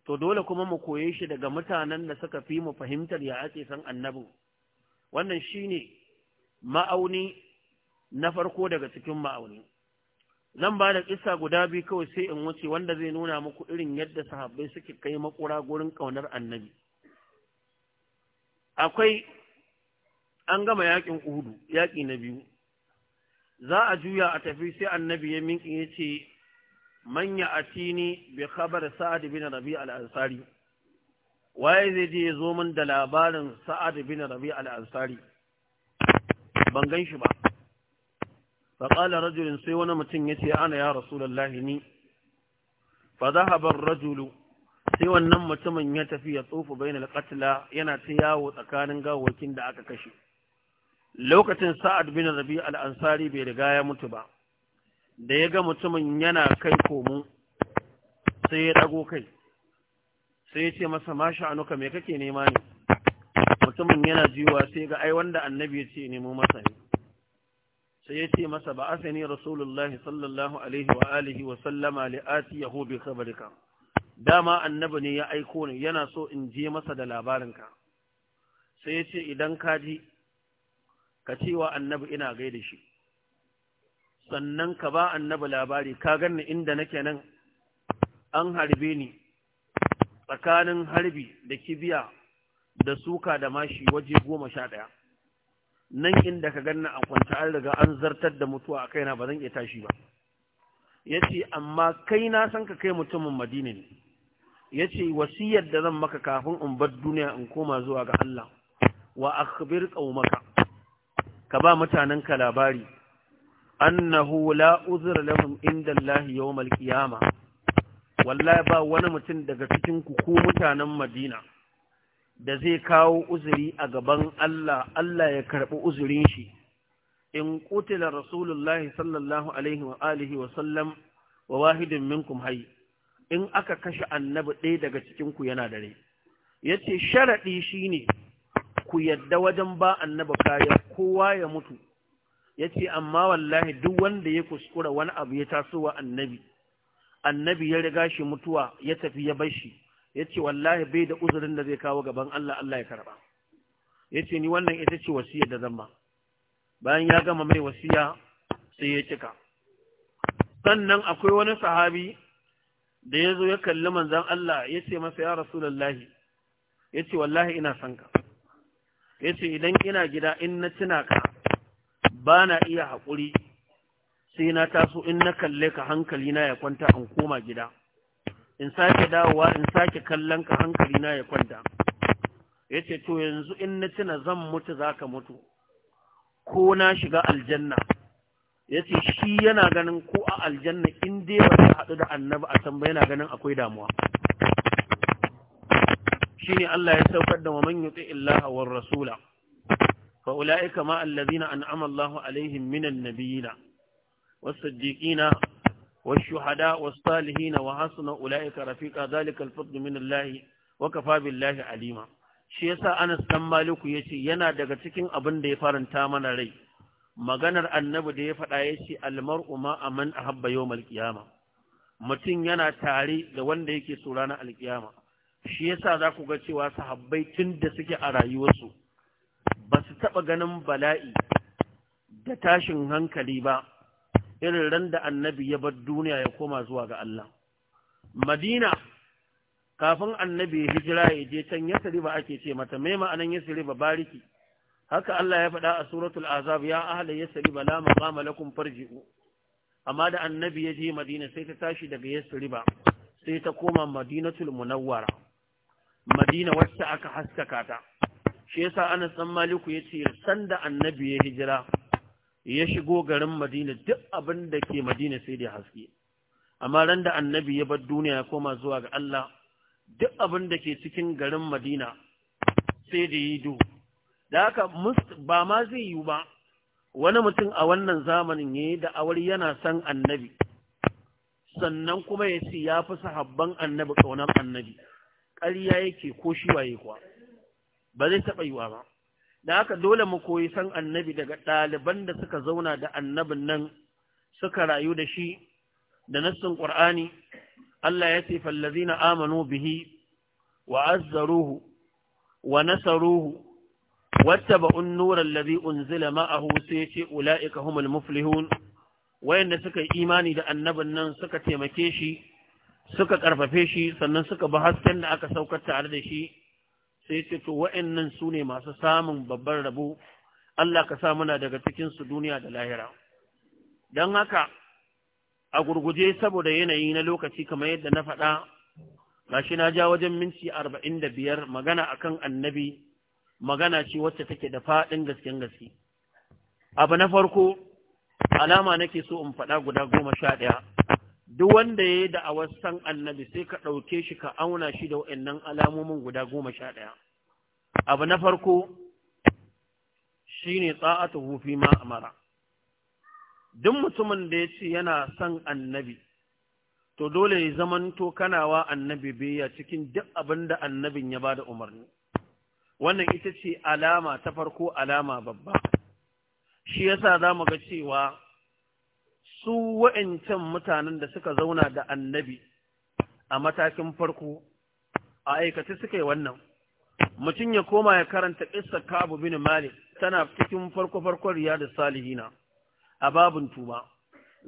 to dole kuma mu koye shi daga mutanen da suka fi mu fahimtar ya ake san annabi wannan shine ma'auni na farko daga cikin ma'auni zan ba da kissa guda biyu kawai sai in wuce wanda zai nuna muku irin yadda sahabbai suke kai makura gurin ƙaunar annabi akwai an gama yaƙin uhudu yaƙi na biyu za a juya a tafi sai annabi ya minki ya ce man ya atini bi khabar sa'ad bin rabi al-ansari waye zai je zo min da labarin sa'ad bin rabi al-ansari ban gan shi ba fa qala sai wani mutum ya ce ana ya rasulullahi ni fa dhahaba ar-rajulu sai wannan mutumin ya tafi ya tsofa bayan alƙatila yana ta yawo tsakanin gawakin da aka kashe lokacin sa'ad bin rabi al'ansari bai riga ya mutu ba da ya ga mutumin yana kai komo sai ya ɗago kai sai ya ce masa mashi anuka mai kake nema ne mutumin yana jiwa sai ga ai wanda annabi ya ce nemo masa ne sai ya ce masa ba a sani rasulullah sallallahu alaihi wa alihi wa sallama li ati yahu bi khabarika dama annabi ne ya aiko ni yana so in je masa da labarinka sai ya ce idan ka ji ka ce wa annabi ina gaida shi sannan ka ba annabi labari ka ganni inda nake nan an harbe ni tsakanin harbi da kibiya da suka da mashi waje goma sha ɗaya nan inda ka ganna a kwanta an riga an zartar da mutuwa a kaina ba zan iya tashi ba ya ce amma kai na san ka kai mutumin madina ne ya ce wasiyar da zan maka kafin in bar duniya in koma zuwa ga Allah wa akhbir qaumaka ka ba mutanenka labari annahu la uzra lahum inda Allah yawmal qiyama wallahi ba wani mutum daga cikin ku ko mutanen Madina da zai kawo uzuri a gaban Allah Allah ya karbi uzurin shi in qutila rasulullahi sallallahu alaihi wa alihi wa sallam wa wahidin minkum hayy in aka kashe annabi ɗaya daga cikin ku yana dare yace sharadi shine ku yadda wajen ba annabi kayan kowa ya mutu ya ce amma wallahi duk wanda ya kuskura wani abu ya tasowa annabi annabi ya riga shi mutuwa ya tafi ya bar shi ya ce wallahi bai da uzurin da zai kawo gaban Allah Allah ya karba ya ce ni wannan ita ce wasiyar da zan ba bayan ya gama mai wasiya sai ya cika sannan akwai wani sahabi da ya zo ya kalli manzan Allah ya ce masa ya rasulallahi ya ce wallahi ina son ka ya ce idan ina gida in na tuna ka ba na iya haƙuri sai na taso in na kalle ka hankali na ya kwanta in koma gida in sake dawowa in sake kallon ka hankali na ya kwanta ya ce to yanzu in na tuna zan mutu za ka mutu ko na shiga aljanna ya ce shi yana ganin ko a aljanna in dai ba ta haɗu da annabi a can yana ganin akwai damuwa shine Allah ya saukar da wa man yuti illaha war rasula فأولئك ما الذين أنعم الله عليهم من النبيين والصديقين والشهداء والصالحين وحسن أولئك رفيقا ذلك الفضل من الله وكفى بالله عليما shi yasa Anas dan Maliku yace yana daga cikin abin da ya faranta mana rai maganar annabi da ya faɗa yace almar'u ma aman ahabba yawmal qiyama mutum yana tare da wanda yake so ranar alkiyama shi yasa za ku ga cewa sahabbai tun da suke a rayuwarsu ba su taɓa ganin bala'i da tashin hankali ba irin ran da annabi ya bar duniya ya koma zuwa ga Allah. Madina kafin annabi ya hijira ya je can ya yasriba ake ce mata mai ma'anan ba, bariki haka Allah ya faɗa a suratul azab ya ahla ba la maqama lakum farji'u amma da annabi ya je madina sai ta tashi daga ya ba, sai ta koma madinatul munawwara madina wacce aka haskaka ta shi yasa ana san Maliku san da annabi ya hijira ya shigo garin Madina duk abin da ke Madina sai da haske amma ran da annabi ya bar duniya ya koma zuwa ga Allah duk abin da ke cikin garin Madina sai da yi duhu da haka ba ma zai yi ba wani mutum a wannan zamanin ya yi da'awar yana san annabi sannan kuma ya ce ya fi sahabban annabi ƙaunar annabi ƙarya yake ko shi waye kuwa ba zai taɓa yiwa ba da haka dole mu koyi san annabi daga ɗaliban da suka zauna da annabin nan suka rayu da shi da nassin ƙur'ani Allah ya ce fallazina amanu bihi wa azzaruhu wa nasaruhu wattaba'un nuran ladhi unzila ma'ahu sai ce ula'ika humul muflihun wayanda suka yi imani da annabin nan suka taimake shi suka ƙarfafe shi sannan suka bi hasken da aka saukar tare da shi sai ce to wa'annan su ne masu samun babban rabo Allah ka sa muna daga cikin su duniya da lahira don haka a gurguje saboda yanayi na lokaci kamar yadda na faɗa gashi na ja wajen minti arba'in da biyar magana akan annabi magana ce wacce take da faɗin gasken gaske abu na farko alama nake so in faɗa guda goma sha ɗaya duk wanda ya yi da'awar san annabi sai ka ɗauke shi ka auna shi da wa'annan alamomin guda goma sha ɗaya. Abu na farko shi ne tsa'ata hufi ma amara. Duk mutumin da ya ce yana san annabi, to dole ya kana kanawa annabi biya cikin duk abin da annabin ya ba da umarni. Wannan ita ce alama ta farko alama babba. Shi yasa za mu ga cewa su wa'ancan mutanen da suka zauna da annabi a matakin farko a aikace suka yi wannan mutum ya koma ya karanta ka kabu bin malik tana cikin farko-farkon da salihina a babin tuba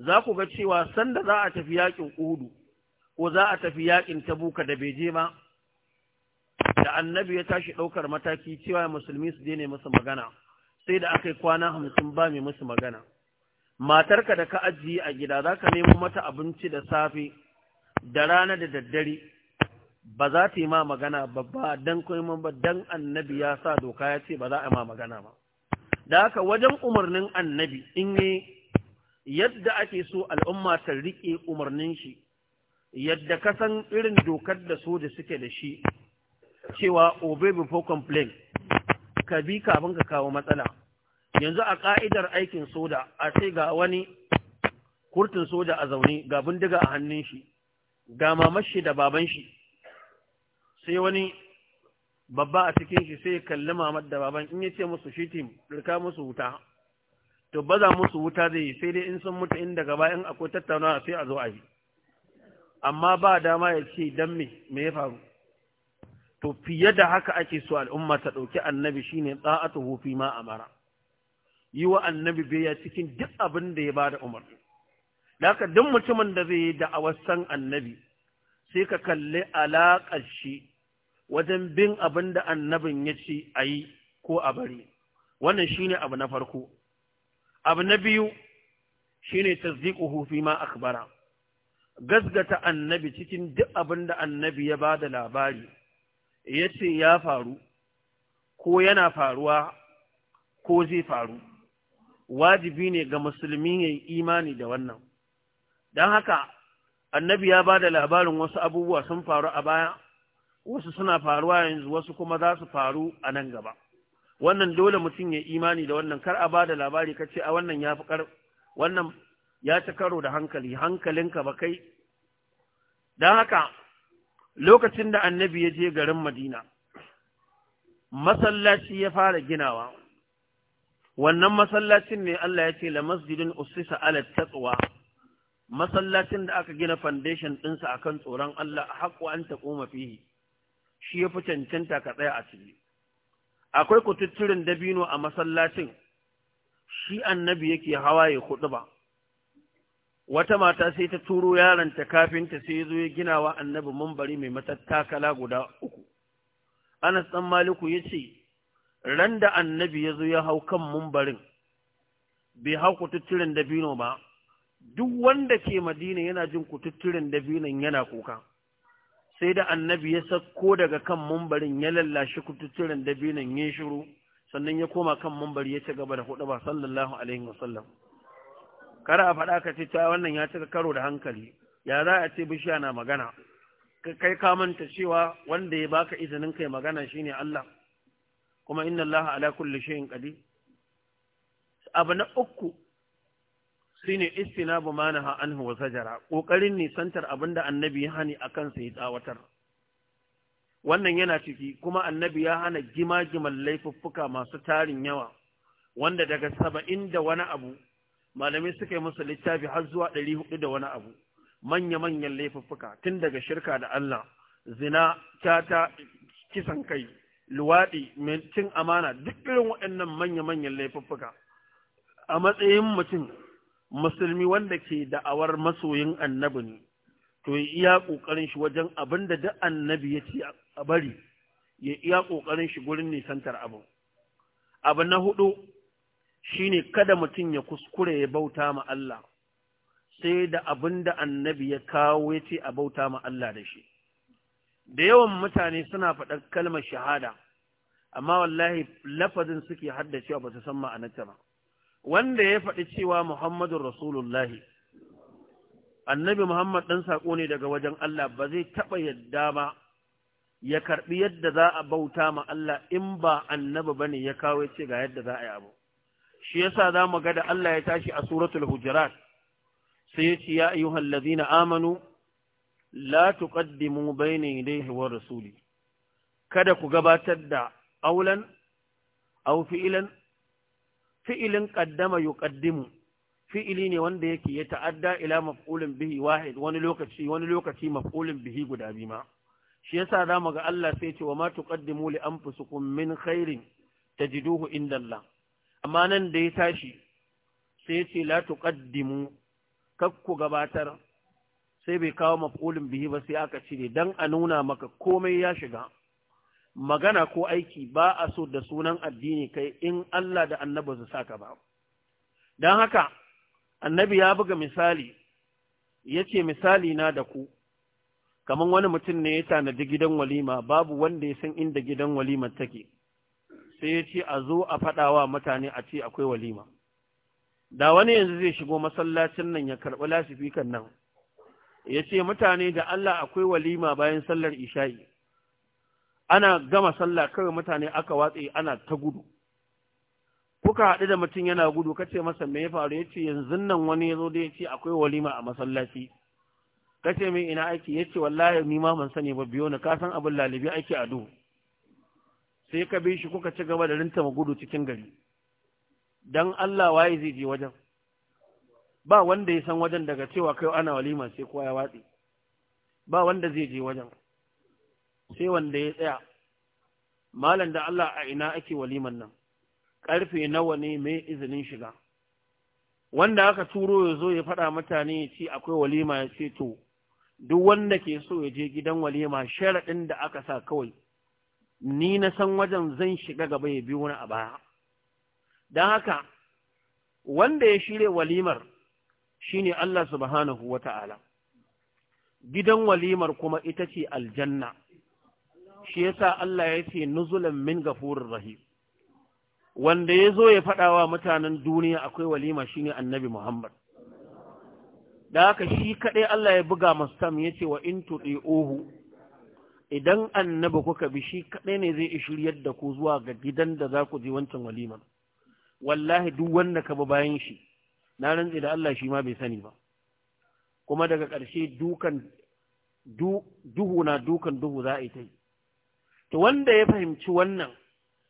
za ku ga cewa sanda za a tafi yakin udu ko za a tafi yakin tabuka da beje ma da annabi ya tashi ɗaukar mataki cewa musulmi su daina musu magana sai da aka yi kwana hamsin ba mai musu magana matarka da ka ajiye a gida za ka nemo mata abinci da safe da rana da daddare ba za ta yi ma magana babba don kuma ba don annabi ya sa doka ya ce ba za a ma magana ba da haka wajen umarnin annabi in yi yadda ake so al'umma ta riƙe umarnin shi yadda ka san irin dokar da da suke da shi cewa obey before complain ka bi kafin ka kawo matsala yanzu a ƙa'idar aikin soda, a ce ga wani kurtin soja a zaune ga bindiga a hannun shi ga mamashi da baban shi sai wani babba a cikin shi sai ya kalli mamad da baban in ya ce musu shi tim rika musu wuta to baza musu wuta zai yi sai dai in sun mutu inda gaba in akwai tattaunawa sai a zo a yi amma ba dama ya ce dan me me ya faru to fiye da haka ake so al'umma ta ɗauki annabi shine tsa'atuhu fi ma amara yi wa annabi biya cikin duk abin da ya ba da da Daka duk mutumin da zai yi da'awar san annabi, sai ka kalli alaƙar shi wajen bin abin da annabin ya ce a yi ko a bari. Wannan shi ne abu na farko. Abu na biyu shi ne tasdiquhu fi ma akbara. Gasgata annabi cikin duk abin da annabi ya ba da labari, ya ce ya faru, ko yana faruwa, ko zai faru. wajibi ne ga musulmi ya yi imani da wannan don haka annabi ya ba da labarin wasu abubuwa sun faru a baya wasu suna faruwa yanzu wasu kuma za su faru a nan gaba wannan dole mutum ya yi imani da wannan kar a ba da labari ka ce a wannan ya fi kar wannan ya ci karo da hankali hankalinka ba kai don haka lokacin da annabi ya je garin madina masallaci ya fara ginawa wannan masallacin ne Allah ya ce la masjidin ussisa ala taqwa masallacin da aka gina foundation ɗinsa akan tsoron Allah haƙo an taƙoma fihi shi ya fi cancanta ka tsaya a ciki akwai kututturin dabino a masallacin shi annabi yake hawa ya kuɗu ba wata mata sai ta turo yaronta kafinta sai zo ya gina wa annabi mambari mai matattakala guda uku anas ɗan maliku ya ce ran da annabi ya zo ya hau kan mumbarin bai hau kututturen dabino ba duk wanda ke madina yana jin kututturen dabinon yana kuka sai da annabi ya sako daga kan mumbarin ya lallashi kututturen dabinon ya shiru sannan ya koma kan mumbari ya ci gaba da hudu ba sallallahu alaihi wasallam kada a faɗa ka ce ta wannan ya cika karo da hankali ya za a ce bishiya na magana kai ka manta cewa wanda ya baka izinin kai magana shine Allah kuma inna Allah ala kulli shay'in qadir abu na uku shine istinabu manaha anhu wa zajara kokarin nisantar abinda annabi ya hani akan sai tsawatar wannan yana ciki kuma annabi ya hana gima-giman laifuffuka masu tarin yawa wanda daga saba'in da wani abu malamai suka yi musu littafi har zuwa ɗari hudu da wani abu manya-manyan laifuffuka tun daga shirka da Allah zina kyata, kisan kai luwaɗi mai cin amana duk irin waɗannan manya-manyan laifuffuka a matsayin mutum musulmi wanda ke da'awar masoyin annabi ne to ya iya ƙoƙarin shi wajen abin da duk annabi ya ce a bari ya iya ƙoƙarin shi gurin nisantar abu. abu na hudu shine kada mutum ya kuskure ya bauta ma Allah sai da abin da annabi ya kawo ya ce a bauta ma Allah da shi da yawan mutane suna faɗar kalmar shahada amma wallahi lafazin suke haddacewa ba su san ma'anarta ba wanda ya faɗi cewa Muhammadun Rasulullahi annabi Muhammad ɗan saƙo ne daga wajen Allah ba zai taɓa yadda ba ya karɓi yadda za a bauta ma Allah in ba annabi ba ne ya kawo ce ga yadda za a yi abu shi yasa za mu ga da Allah ya tashi a suratul hujurat sai ya ce ya ayyuhal amanu la tuqaddimu bayna yadayhi wa rasuli kada ku gabatar da aulan aw fi'lan fi'ilin qaddama yuqaddimu fi'ili ne wanda yake ya ta'adda ila maf'ulin bihi wahid wani lokaci wani lokaci maf'ulin bihi guda biyu ma shi yasa zamu ga Allah sai ce wa ma tuqaddimu li anfusikum min khairin tajiduhu inda Allah amma nan da ya tashi sai ce la tuqaddimu kakku gabatar sai bai kawo maf'ulin bihi ba sai aka cire dan a nuna maka komai ya shiga magana ko aiki ba a so da sunan addini kai in Allah da annabi su saka ba dan haka annabi ya buga misali yace misali na da ku Kamar wani mutum ne ya tanadi gidan walima babu wanda ya san inda gidan walimar take sai ya ce a zo a faɗawa mutane a ce akwai walima da wani yanzu zai shigo masallacin nan ya karɓi lasifikan nan ya ce mutane da Allah akwai walima bayan sallar isha'i, ana gama sallah kawai mutane aka watse ana ta gudu. Kuka haɗu da mutum yana gudu, ka ce masa me ya faru ya ce yanzu nan wani ya zo da ya ce akwai walima a masallaci. Ka ce min ina aiki ya ce wallahi ni ma ban sani ba biyo ni ka san abin lalibi aiki a duhu. Sai ka bi shi kuka ci gaba da rinta gudu cikin gari. Dan Allah waye zai je wajen. ba wanda ya san wajen daga cewa kai ana walima sai kowa ya watsi ba wanda zai je wajen sai wanda ya tsaya malam da Allah a ina ake waliman nan karfe nawa ne mai izinin shiga wanda aka turo ya zo ya faɗa mutane ya ce akwai walima ya ce to duk wanda ke so ya je gidan walima sharaɗin da aka sa kawai ni na san wajen zan shiga gaba ya biyo wani a baya don haka wanda ya shirya walimar shine Allah subhanahu wata'ala gidan walimar kuma ita ce aljanna shi yasa Allah ya ce nuzulan min gafurir rahim wanda ya zo ya faɗawa mutanen duniya akwai walima shine annabi Muhammad da haka shi kaɗai Allah ya buga mastam ya ce wa in tuɗe ohu? idan annabi kuka bi shi kaɗai ne zai shiryar da ku zuwa ga gidan da za ku je wancan walimar wallahi duk wanda ka bi bayan shi na rantse da Allah shi ma bai sani ba kuma daga ƙarshe dukan duhu na dukan duhu za a yi ta yi to wanda ya fahimci wannan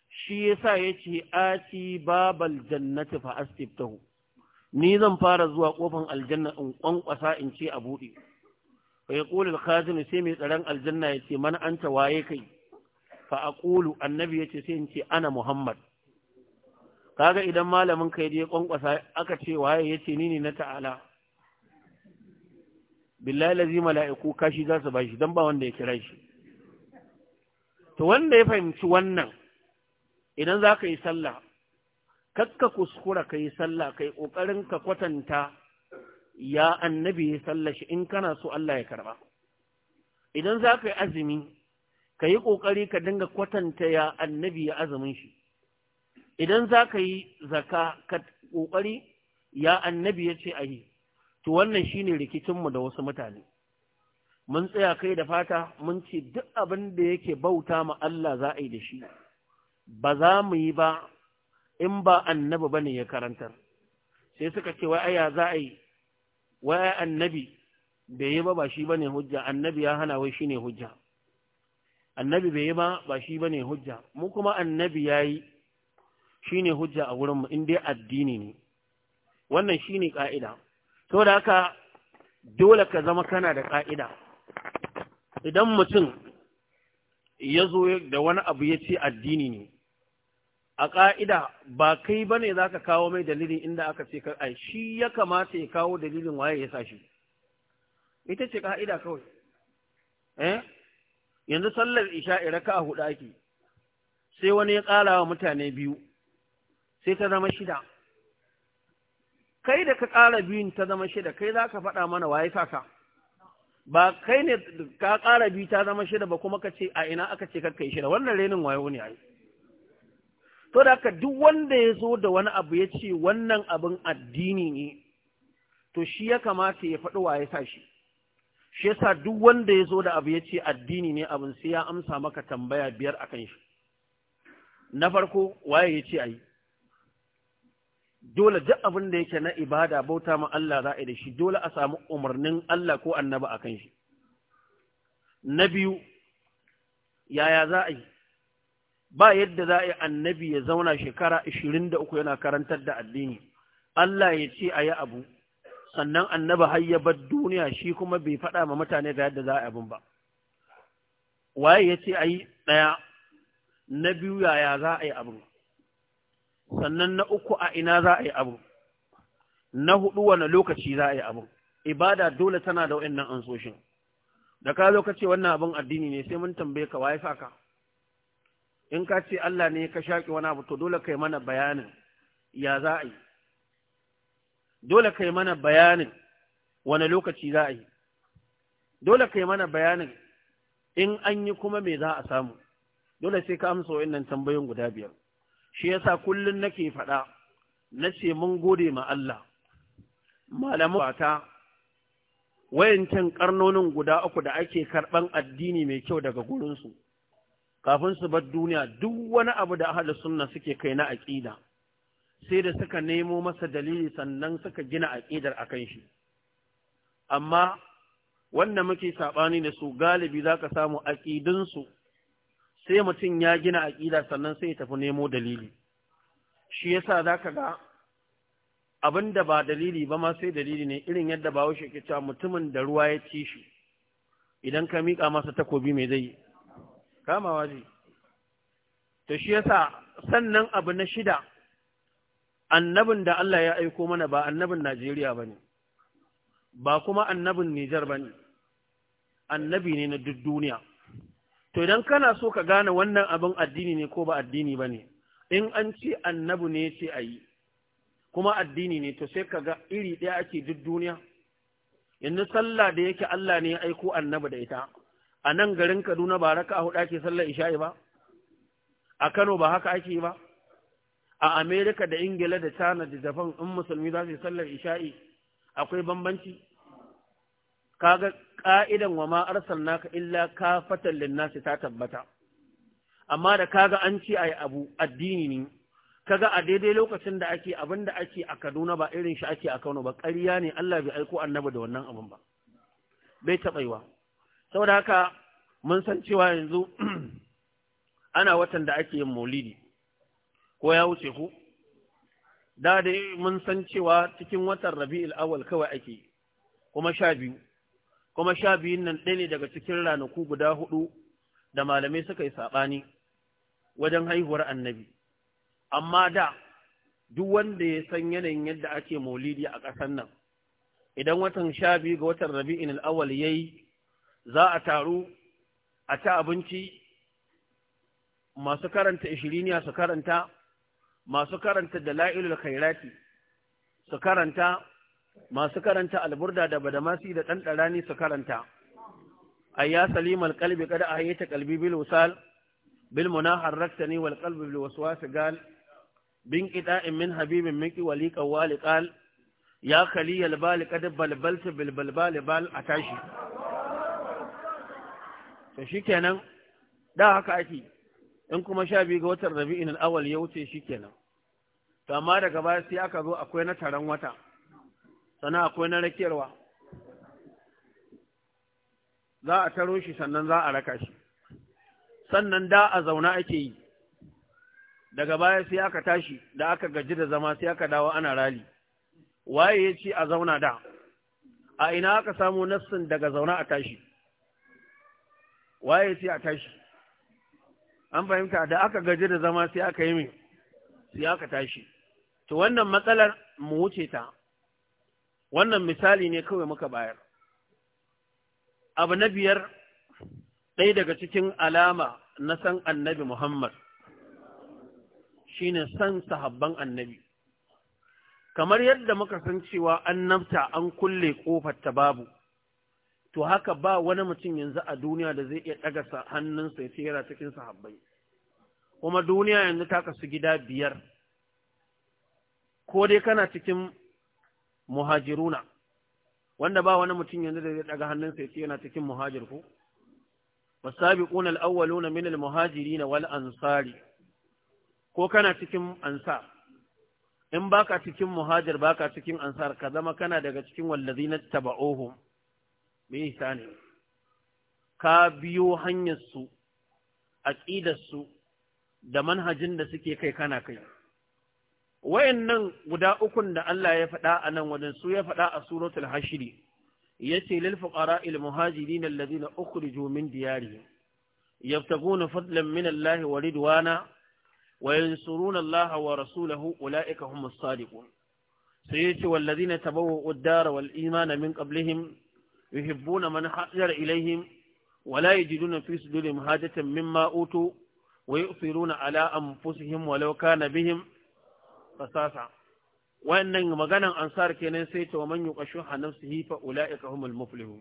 shi yasa ya ce aci babal jannati fa astiftahu ni zan fara zuwa kofan aljanna in kwankwasa in ce a buɗe fa yaqulu da Kazini sai mai tsaron aljanna yace man anta waye kai fa aqulu annabi yace sai in ce ana muhammad kaga idan malamin ka yaje kwankwasa aka ce waye yace ni ne na ta'ala billahi lazi mala'iku kashi za su bashi dan ba wanda ya kira shi to wanda ya fahimci wannan idan za ka yi sallah kakka kuskura ka yi sallah kai ƙoƙarin ka kwatanta ya annabi sallah shi in kana so Allah ya karba idan za ka yi azumi ka yi ƙoƙari ka dinga kwatanta ya annabi ya azumin shi idan za ka yi zaka ka ƙoƙari ya annabi ya ce a yi to wannan shi ne rikicinmu da wasu mutane mun tsaya kai da fata mun ce duk abin da yake bauta ma Allah za a yi da shi ba za mu yi ba in ba annabi ba ne ya karantar sai suka ce wai aya za a yi wai annabi bai yi ba ba shi ba ne hujja annabi ya hana wai shi ne hujja annabi bai yi ba ba shi ba ne hujja mu kuma annabi ya yi. Shi ne hujja a wurinmu, mu in dai addini ne wannan shi ne ƙa'ida. to da haka dole ka zama kana da ƙa'ida. idan mutum ya zo da wani abu ya ce addini ne a ƙa'ida ba kai ba ne za ka kawo mai dalilin inda aka ce ai shi ya kamata ya kawo dalilin waye ya sa shi ita ce ƙa'ida kawai eh yanzu sallar isha'i raka a hudu ake sai wani ya ƙara wa mutane biyu sai ta zama shida kai da ka ƙara biyun ta zama shida kai za ka faɗa mana waye sa ka ba kai ne ka ƙara biyu ta zama shida ba kuma ka ce a ina aka ce kakai yi shida wannan renin wayo ne yi. to da haka duk wanda ya zo da wani abu ya ce wannan abin addini ne to shi ya kamata ya faɗi waye sa shi shi yasa duk wanda ya zo da abu ya ce addini ne abin sai ya amsa maka tambaya biyar akan shi na farko waye ya ce a yi dole duk abin da yake na ibada bauta ma Allah za yi da shi dole a samu umarnin Allah ko annaba a kan shi. Na biyu, yaya za a yi, ba yadda za a yi annabi ya zauna shekara ashirin da uku yana karantar da addini, Allah ya ce a yi abu, sannan annaba har ya bar duniya shi kuma bai faɗa ma mutane ga yadda za a yi abin ba. Waye ya ce a yi ɗaya, na biyu yaya za a yi abin. sannan na uku a ina za a yi abu na hudu wani lokaci za a yi abu ibada dole tana da wa'annan ansoshin da ka zo ka ce wannan abin addini ne sai mun tambaye ka waye saka in ka ce Allah ne ka shaƙi wani abu to dole yi mana bayanin ya za a yi dole yi mana bayanin wani lokaci za a yi dole yi mana bayanin in an yi kuma me za a samu dole sai ka amsa wa'annan tambayoyin guda biyar shi yasa kullun nake faɗa nace mun gode ma Allah malamu ta wayancin karnonin guda uku da ake karɓan addini mai kyau daga gurinsu kafin su bar duniya duk wani abu da ahli sunna suke kai na aqida sai da suka nemo masa dalili sannan suka gina aqidar akan shi amma wannan muke saɓani da su galibi zaka ka samu aƙidinsu sai mutum ya gina aƙida sannan sai ya tafi nemo dalili shi yasa za ka ga abin da ba dalili ba ma sai dalili ne irin yadda ba washe ke cewa mutumin da ruwa ya ci shi idan ka miƙa masa takobi mai zai yi kamawa zai to shi yasa sannan abu na shida annabin da Allah ya aiko mana ba annabin Najeriya ba ne ba kuma annabin Nijar ba ne annabi ne na duk duniya to idan kana so ka gane wannan abin addini ne ko ba addini ba ne in an ce annabu ne ce a yi kuma addini ne to sai ka ga iri ɗaya ake duk duniya yanzu sallah da yake Allah ne ya aiko annabu da ita a nan garin Kaduna ba raka hudu ake sallar isha'i ba a Kano ba haka ake ba a Amerika da Ingila da China da Japan in musulmi za su yi sallar isha'i akwai bambanci kaga ka'idan wa ma naka illa kafatan linnasi ta tabbata amma da kaga an ce yi abu addini ne kaga a daidai lokacin da ake abin da ake a Kaduna ba irin shi ake a Kano ba ƙarya ne Allah bai aiko annabi da wannan abin ba bai taɓaiwa saboda haka mun san cewa yanzu <clears throat> ana watan da ake yin maulidi ko ya wuce ku da dai mun san cewa cikin watan rabi'ul awwal kawai ake kuma sha biyu kuma sha biyun nan ɗaya ne daga cikin ranaku guda hudu da malamai suka yi saɓani wajen haihuwar annabi amma da duk wanda ya san yanayin yadda ake maulidi a ƙasar nan idan watan sha biyu ga watan rabi'in al'awal ya yi za a taru a ci abinci masu karanta ishiriniya su karanta masu karanta da la'ilul Kairati su karanta masu karanta alburda da badamasi da ɗanɗarani su karanta ya salimar kalbi kada ayyata kalbi bil wusal, bil munahar raktani wal kalbi bil wasu wasu gal bin in min habibin miki wali qawali ya khali al kada balbal su bil balbal bal atashi to kenan, da haka ake in kuma sha biyu ga watan rabi'in al'awal ya wuce shi kenan to amma daga baya sai aka zo akwai na taron wata sannan akwai na rakiyarwa za a taro shi sannan za a raka shi sannan da a zauna ake yi daga baya sai aka tashi da aka gaji da zama sai aka dawo ana rali waye ya ce a zauna da a ina aka samu nassin daga zauna a tashi waye sai a tashi an fahimta da aka gaji da zama sai aka yi min sai aka tashi to wannan matsalar mu wuce ta wannan misali ne kawai muka bayar abu na biyar ɗaya daga cikin alama na san annabi Muhammad shine san sahabban annabi kamar yadda muka san cewa an annabta an kulle kofar ta babu to haka ba wani mutum yanzu a duniya da zai iya ɗaga hannunsa ya tsira cikin sahabbai kuma duniya yanzu ta kasu gida biyar ko dai kana cikin muhajiruna wanda ba wani mutum yanzu da zai daga hannunsa ya ce yana cikin muhajir ko wasabiquna al min almuhajirin wal ansari ko kana cikin ansar in baka cikin muhajir baka cikin ansar ka zama kana daga cikin wallazina taba'uhum bi ihsani ka biyo hanyar su aqidar su da manhajin da suke kai kana kai wayannan guda ukun da Allah ya faɗa a nan wajen su ya faɗa a suratul hashiri yace lil fuqara'il muhajirin alladhina diyari min diyarihim yabtaguna fadlan min Allah wa ridwana wa yansuruna Allah wa rasulahu ulaika humus sadiqun sai yace walladhina tabawwa'u ad-dara wal imana min qablihim yuhibbuna man hajara ilaihim ولا يجدون في صدورهم mimma utu أوتوا ويؤثرون على أنفسهم ولو كان bihim. qasasa wannan maganan ansar kenan sai ce wa man yuqashu nafsihi fa ulaika humul muflihun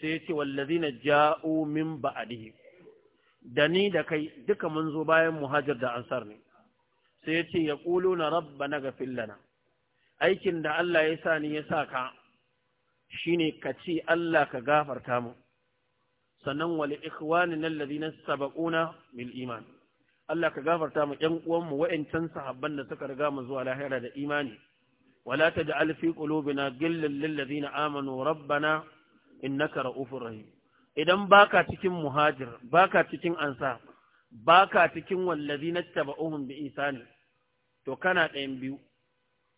sai ce wallazina ja'u min ba'dihi da ni da kai duka mun zo bayan muhajir da ansar ne sai ya ce ya kulo na rabba na gafin lana aikin da Allah ya sa ni ya sa ka shi ne ka ce Allah ka gafarta mu sannan wali ikhwani na lalina saba'una mil iman Allah ka gafarta mu ƴan uwanmu wa'ancan sahabban da suka riga mu zuwa lahira da imani wala taj'al fi qulubina ghillan lil ladina amanu rabbana innaka ra'ufur rahim idan baka cikin muhajir baka cikin ansa baka cikin wallazina tabauhum bi isani to kana ɗayan biyu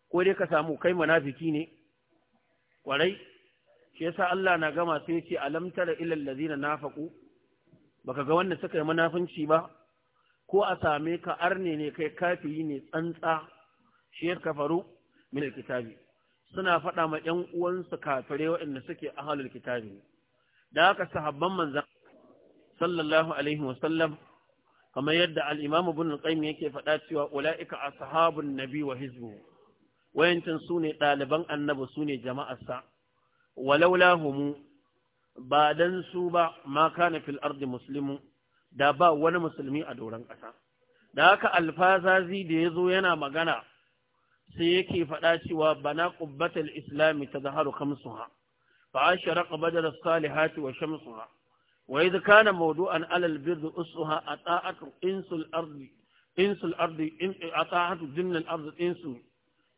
ko dai ka samu kai munafiki ne kwarai shi yasa Allah na gama sai ya ce alam tara ilal ladina nafaqu baka ga wanda suka yi munafinci ba ko a same ka arne ne kai kafiri ne tsantsa shi ya kafaru min alkitabi suna faɗa ma ƴan uwansu kafire waɗanda suke ahalul kitabi da haka sahabban manzon sallallahu alaihi wa sallam kamar yadda al-imam ibn al-qayyim yake faɗa cewa ulaika ashabun nabi wa hizbu wayantan sune ɗaliban annabi sune jama'arsa walaula humu ba dan su ba ma kana fil ardi muslimun da ba wani musulmi a doron ƙasa da haka alfazazi da ya zo yana magana sai yake faɗa cewa bana ƙubbatar islami ta zaharu kamsuha fa ashara qabadar salihati wa ha. wa idh maudu an alal ha a ata'atu insul ardi insul a ata'atu jinnal ardi insul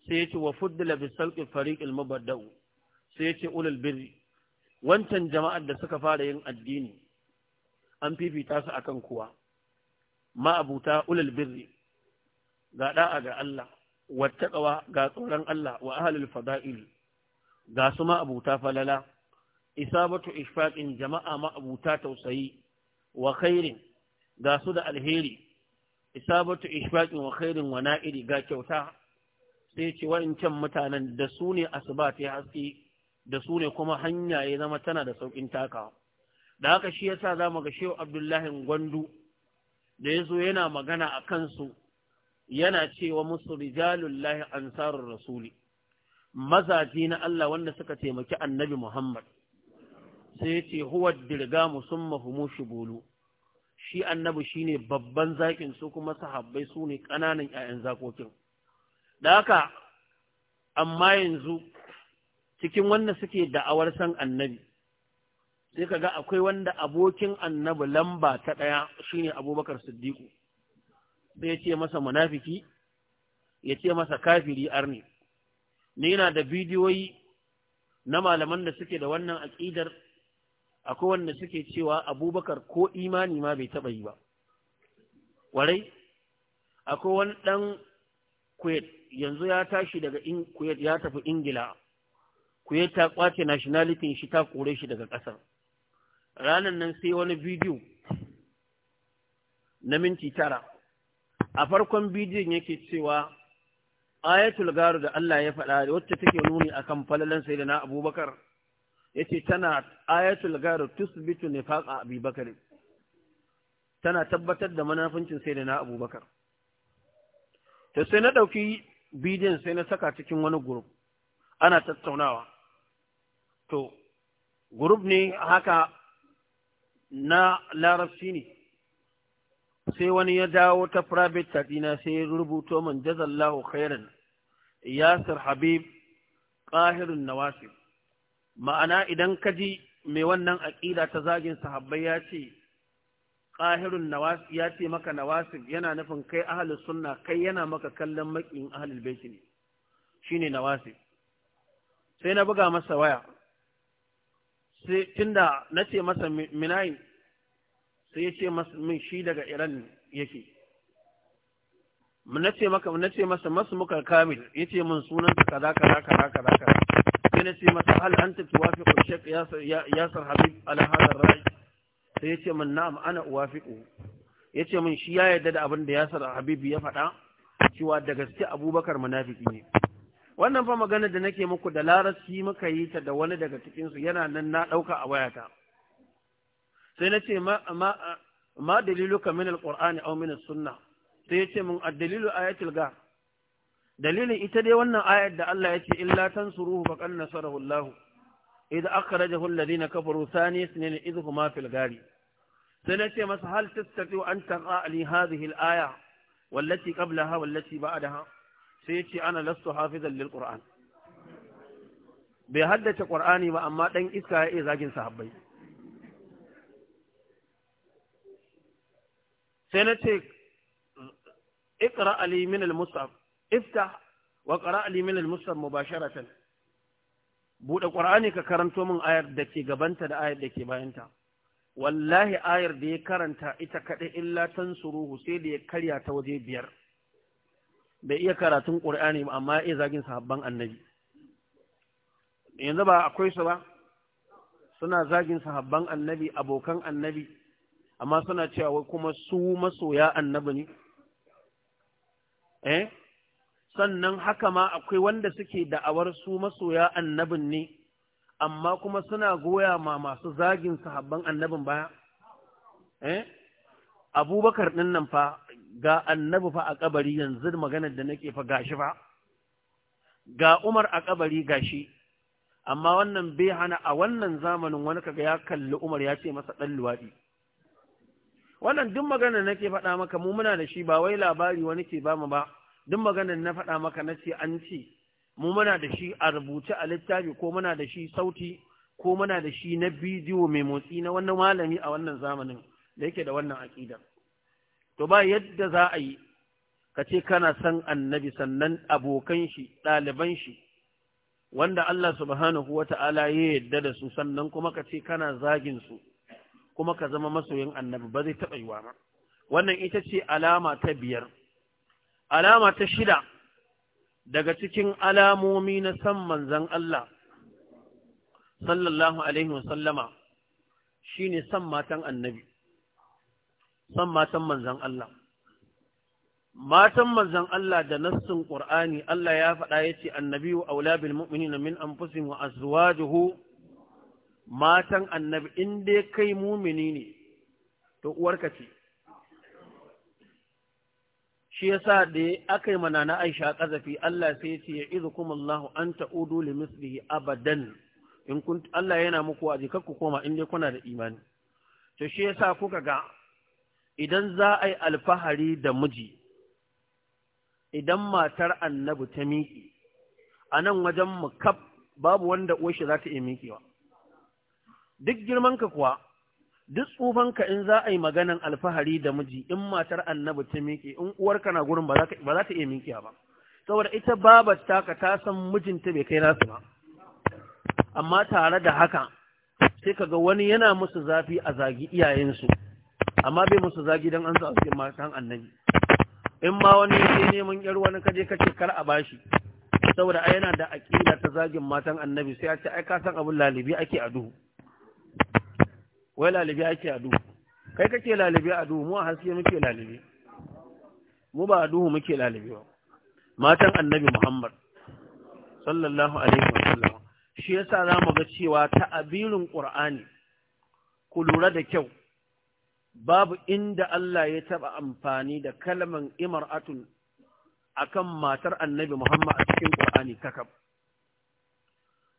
sai yace wa fuddila bi salqi fariqil mubaddau sai ce ulul birri wancan jama'ar da suka fara yin addini an fifita su akan kuwa ma'abuta ulul birri ga ɗa'a ga Allah wattaqwa ga tsoron Allah wa ahlul fada'il ga su ma'abuta falala isabatu ishfaqin jama'a ma'abuta tausayi wa khairin ga su da alheri isabatu ishfaqin wa khairin wa na'iri ga kyauta sai ce wa'incan mutanen da su ne asuba haske da su ne kuma hanya ya zama tana da sauƙin takawa da haka shi yasa za mu ga shehu abdullahi gwandu da ya zo yana magana a kansu yana cewa musu rijalullahi ansarur rasuli mazaji na Allah wanda suka taimaki annabi Muhammad sai ya ce huwa dirga musamman humu bulu. shi annabi shine babban zaƙin su kuma sahabbai su ne ƙananan ‘ya'yan zakokin da haka amma yanzu cikin wanda suke da'awar san annabi sai ka ga akwai wanda abokin annabi lamba ta ɗaya ne abubakar Siddiku, sai ya ce masa munafiki ya ce masa kafiri arni ni yana da bidiyoyi na malaman da suke da wannan aƙidar akwai wanda suke cewa abubakar ko imani ma bai taɓa yi ba warai akwai wani ɗan kuwait yanzu ya tashi daga kuwait ya tafi ingila kuwait ta ƙwace nationality shi ta kore shi daga ƙasar ranar nan sai wani bidiyo na minti tara a farkon bidiyon yake cewa ayatul garu da Allah ya faɗa da wacce take nuni akan falalan sai da na abubakar ya ce tana ayatul garu tusbitu nifaqa abubakar tana tabbatar da manafincin sai da na abubakar ta sai na ɗauki bidiyon sai na saka cikin wani guruf ana tattaunawa to guruf ne haka na larabci ne sai wani ya dawo ta private tatina sai ya rubuto min jazallahu khairan yasir habib qahirun nawasi ma'ana idan ka ji mai wannan aƙida ta zagin sahabbai ya ce qahirun nawasi ya ce maka nawasi yana nufin kai ahlus sunna kai yana maka kallon makin ahlul bait ne shine nawasi sai na buga masa waya sai tunda na ce masa minayin sai ya ce min shi daga iran yake na ce na ce masa masu muka kamil ya ce min sunan ka kaza kaza kaza kaza kaza sai na ce masa hal anta tuwafiqu shaykh yasir habib ala hadha ar-ra'y sai ya ce min na'am ana uwafiqu ya ce min shi ya yarda da abin da yasir habib ya faɗa cewa da gaske abubakar munafiki ne wannan fa magana da nake muku da larabci muka yi ta da wani daga cikinsu yana nan na ɗauka a wayata sai na ce ma dalilu ka min alƙur'ani au min sunna sai ya ce min addalilu ayatul ga dalilin ita dai wannan ayar da Allah ya ce illa tansuruhu faqad nasarahu Allah idza akhrajahu alladhina kafaru thani isnin idhuma fil gari sai na ce masa hal tastati an taqa li hadhihi al aya wallati qablaha wallati ba'daha sai ya ce ana lasu hafizan lil ƙura'an bai haddace ƙura'ani ba amma dan iska ya iya zagin sahabbai sai na ce iqra ali al musaf ifta wa qra alimin al musaf mubasharatan bude qur'ani ka karanto min ayar da ke gabanta da ayar da ke bayanta wallahi ayar da ya karanta ita kaɗai illa tansuruhu sai da ya karya ta waje biyar bai iya karatun ƙur'ani ba amma iya zagin sahabban annabi yanzu ba akwai su ba suna zagin sahabban annabi abokan annabi amma suna cewa kuma su masoya annabi ne eh sannan haka ma akwai wanda suke da'awar su masoya annabin ne amma kuma suna goya ma masu zagin sahabban annabin baya eh abubakar ɗin nan fa ga annabi fa a kabari yanzu maganar da nake fa gashi fa ga Umar a kabari gashi amma wannan bai hana a wannan zamanin wani kaga ya kalli Umar ya ce masa dan luwadi wannan duk maganar nake faɗa maka mu muna da shi ba wai labari wani ke ba ba duk maganar na faɗa maka nace ce an ce mu muna da shi a rubuce a littafi ko muna da shi sauti ko muna da shi na bidiyo mai motsi na wannan malami a wannan zamanin da yake da wannan aqidar to ba yadda za a yi ka ce kana san annabi sannan abokan shi ɗaliban shi wanda Allah subhanahu wa ta'ala ya yadda da su sannan kuma ka ce kana zagin su kuma ka zama masoyin annabi ba zai taɓa yiwa ba wannan ita ce alama ta biyar alama ta shida daga cikin alamomi na san manzan Allah sallallahu alaihi wasallama shine san matan annabi son matan manzan Allah. Matan manzan Allah da nassin Ƙur'ani Allah ya faɗa ya ce annabi wa aula bil na min anfusihim wa azwajuhu matan annabi in dai kai mumini ne to uwarka ce shi ya sa da aka yi mana na Aisha ƙazafi Allah sai ya ce ya kuma Allah an ta'udu li mislihi abadan in kun Allah yana muku a ku koma in dai kuna da imani to shi ya sa kuka ga idan za a yi alfahari da miji idan matar annabi ta miƙi a nan wajen makab babu wanda uwashi za ta iya miƙewa duk girmanka kuwa duk tsufanka in za a yi maganan alfahari da miji in matar annabi ta miƙe in uwarka na gurin ba za ta iya miƙewa ba saboda ita babar taka ta san mijinta bai kai nasu ba amma tare da haka sai ga wani yana musu zafi a zagi iyayensu amma bai musu zagi don an zo a cikin matan annabi in ma wani sai neman yar wani kaje kace kar a bashi saboda ai yana da aqida ta zagin matan annabi sai a ce ai ka san abin lalibi ake a duhu wai lalibi ake a duhu kai kake lalibi a duhu mu a haske muke lalibi mu ba a duhu muke lalibi ba matan annabi Muhammad sallallahu alaihi wasallam shi yasa zamu ga cewa ta'abirin Qur'ani ku lura da kyau babu inda Allah ya taɓa amfani da kalman imar'atun akan matar annabi Muhammad a cikin Ƙur'ani kakab.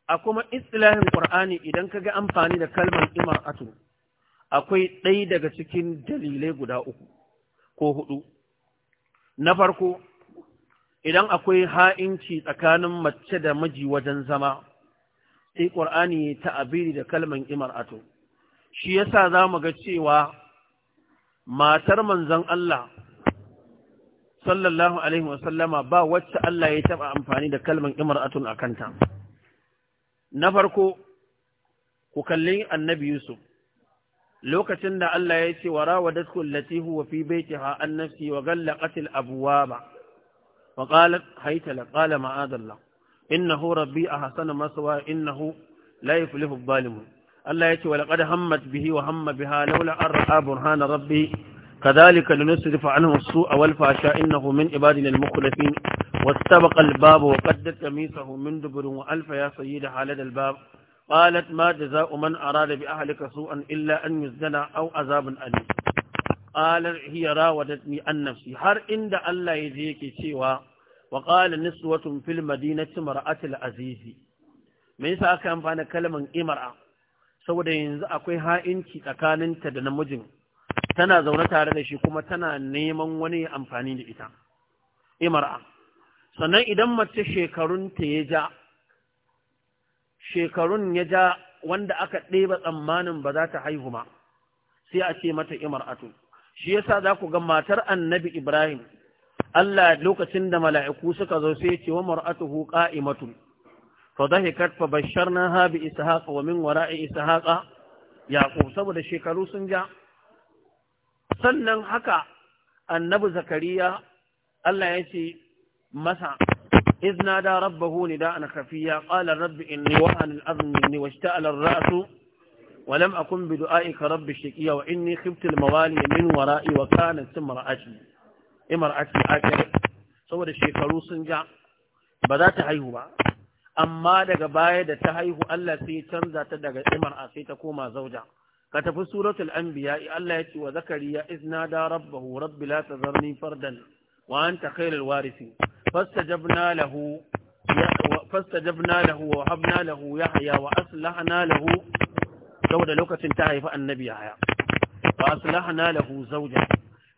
A kuma istilahin Ƙur'ani idan ka ga amfani da kalman imar'atun akwai ɗaya daga cikin dalilai guda uku ko hudu. Na farko, idan akwai ha'inci tsakanin mace da miji wajen zama, sai ƙur'ani ta abiri da kalman atun. Shi yasa za mu ga cewa matar manzon Allah sallallahu alaihi wasallama ba wacce Allah ya taba amfani da kalman imra'atun akanta na farko ku kalli annabi Yusuf lokacin da Allah ya ce wa rawadatku allati huwa fi baytiha an nafsi wa ghallaqat al abwaba wa qalat hayta la qala ma'adallah innahu rabbi ahsana maswa innahu la yuflihu adh-dhalimun Allah ya ce wa laƙada hammat bihi wa hamma biha laula an ra'a burhana rabbi kadhalika lanusrifa anhu su'a wal fasha innahu min ibadina al mukhlasin wastabaqa al bab wa qaddat qamisahu min dubrin wa alfa ya sayyid halad al bab qalat ma jazaa'u man arada bi ahlika su'an illa an yuzdana aw azaban alim qalat hiya rawadatni an nafsi har inda Allah ya je yake cewa wa qala niswatun fil madinati mar'atul azizi me yasa aka amfani da kalmar imra'a saboda yanzu akwai ha'inci tsakaninta da namijin tana zaune tare da shi kuma tana neman wani amfani da ita imara eh, sannan idan mace shekarunta ya ja shekarun ya ja wanda aka ɗeba tsammanin ba za ta haihu ba, sai a ce mata imar'atu eh, shi yasa za ku ga matar annabi ibrahim Allah lokacin da mala'iku suka zo sai ce wa mar'atuhu qa'imatu فضحكت فبشرناها بإسحاق ومن وراء إسحاق يعقوب سبدا شيكالو سنجا سنن حكا النبو زكريا الله يسي مسا إذ نادى ربه نداء خفيا قال الرب إني وهن الأذن مني واشتأل الرأس ولم أكن بدؤائك رب الشكية وإني خبت الموالي من ورائي وكانت سمر أجل إمر أجل أجل سوى الشيخ روس جاء بدأت حيوة amma daga baya da ta haihu Allah sai canza ta daga imar sai ta koma zauja ka tafi suratul anbiya Allah ya ce wa zakariya izna da rabbahu rabbi la tazarni fardan wa anta khairul warisi fastajabna lahu fastajabna lahu wa habna lahu yahya wa aslahna lahu saboda lokacin ta haifi annabi yahya wa aslahna lahu zawja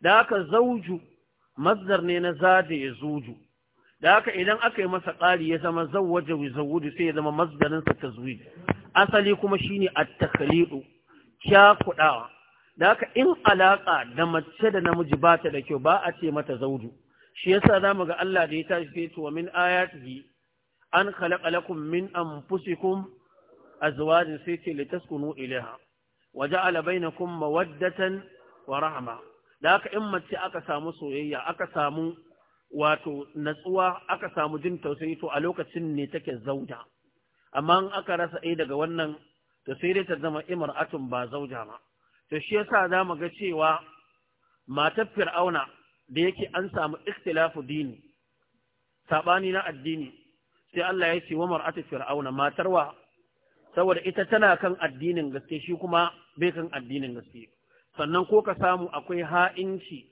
da haka zauju. mazdar ne na zade ya zuju da haka idan aka yi masa ƙari ya zama zawwaje wa zawudu sai ya zama ta tazwid asali kuma shine at-takhliqu kya kudawa da haka in alaƙa da mace da namiji ba ta da kyau ba a ce mata zaudu shi yasa mu ga Allah da ya tashi ce to min ayatihi an khalaqa lakum min anfusikum azwajan sai ce litaskunu ilaiha wa ja'ala bainakum mawaddatan wa rahma da haka in mace aka samu soyayya aka samu wato natsuwa aka samu jin tausayi to a lokacin ne take zauda amma in aka rasa ɗaya daga wannan to sai dai ta zama imar'atun ba zauja ba to shi yasa za mu ga cewa matar fir'auna da yake an samu ikhtilafu dini sabani na addini sai Allah ya ce wa mar'atu fir'auna matarwa saboda ita tana kan addinin gaske shi kuma bai kan addinin gaske sannan ko ka samu akwai ha'inci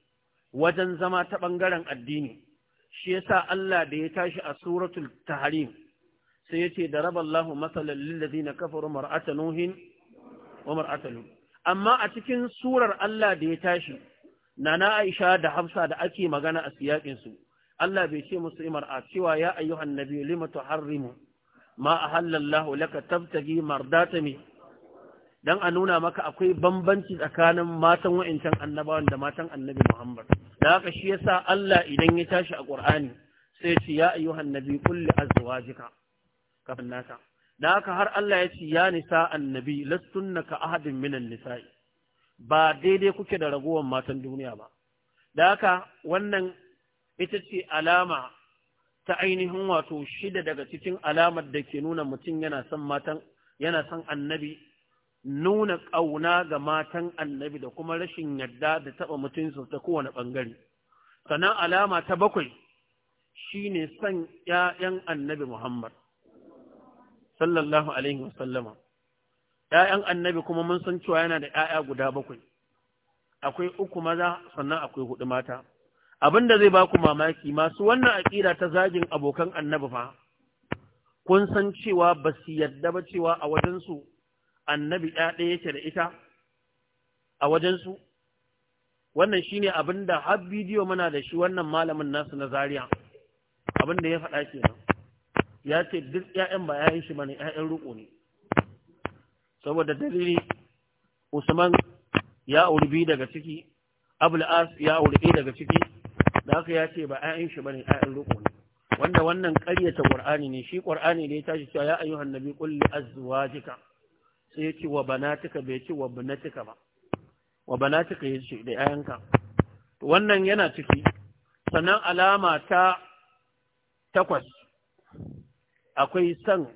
wajen zama ta bangaren addini shi yasa Allah da ya tashi a suratul tahrim sai yace da masalan lil ladina kafaru mar'ata nuhin wa mar'ata lut amma a cikin surar Allah da ya tashi nana Aisha da Hafsa da ake magana a siyaƙinsu, su Allah bai ce musu a cewa ya ayyuhan nabi lima tuharrimu ma ahallallahu laka tabtagi mardata mi dan a nuna maka akwai bambanci tsakanin matan wa'incan annabawan da matan annabi Muhammad da haka shi yasa Allah idan ya tashi a ƙur'ani sai ya ce ya nabi kulli azwajika kafin nasa da haka har Allah ya ce ya nisa annabi lastunna ka ahadin minan nisa'i ba daidai kuke da ragowar matan duniya ba da haka wannan ita ce alama ta ainihin wato shida daga cikin alamar da ke nuna mutum yana son matan yana son annabi nuna ƙauna ga matan annabi da kuma rashin yadda da taɓa mutunsu ta kowane ɓangare. Sannan alama ta bakwai shi ne son ‘ya'yan annabi Muhammad, sallallahu Alaihi wasallama. ‘Ya'yan annabi kuma mun san cewa yana da ‘ya'ya guda bakwai, akwai uku maza sannan akwai hudu mata. Abin da zai ba ku mamaki masu wannan aƙira ta zagin abokan annabi fa, kun san cewa ba su yadda ba cewa a wajensu annabi ɗaya yake da ita a wajensu wannan shi ne abin da har bidiyo muna da shi wannan malamin nasu na Zariya. abin da ya faɗa nan, ya ce duk ƴaƴan ba ƴaƴan shi ne, ƴaƴan ruko ne saboda dalili Usman ya auri bi daga ciki Abul'as ya auri ɗaya daga ciki da haka ya ce ba ƴaƴan shi ne, ƴaƴan ruko ne wanda wannan ƙaryata ƙwar'ani ne shi ƙwar'ani ne ya tashi cewa ya ayyuhan nabi ƙulli azuwa jika. sai ya ce wa banatika bai ce wa banatika ba wa banatika ya ce da ‘ya'yanka wannan yana ciki sannan alama ta takwas akwai san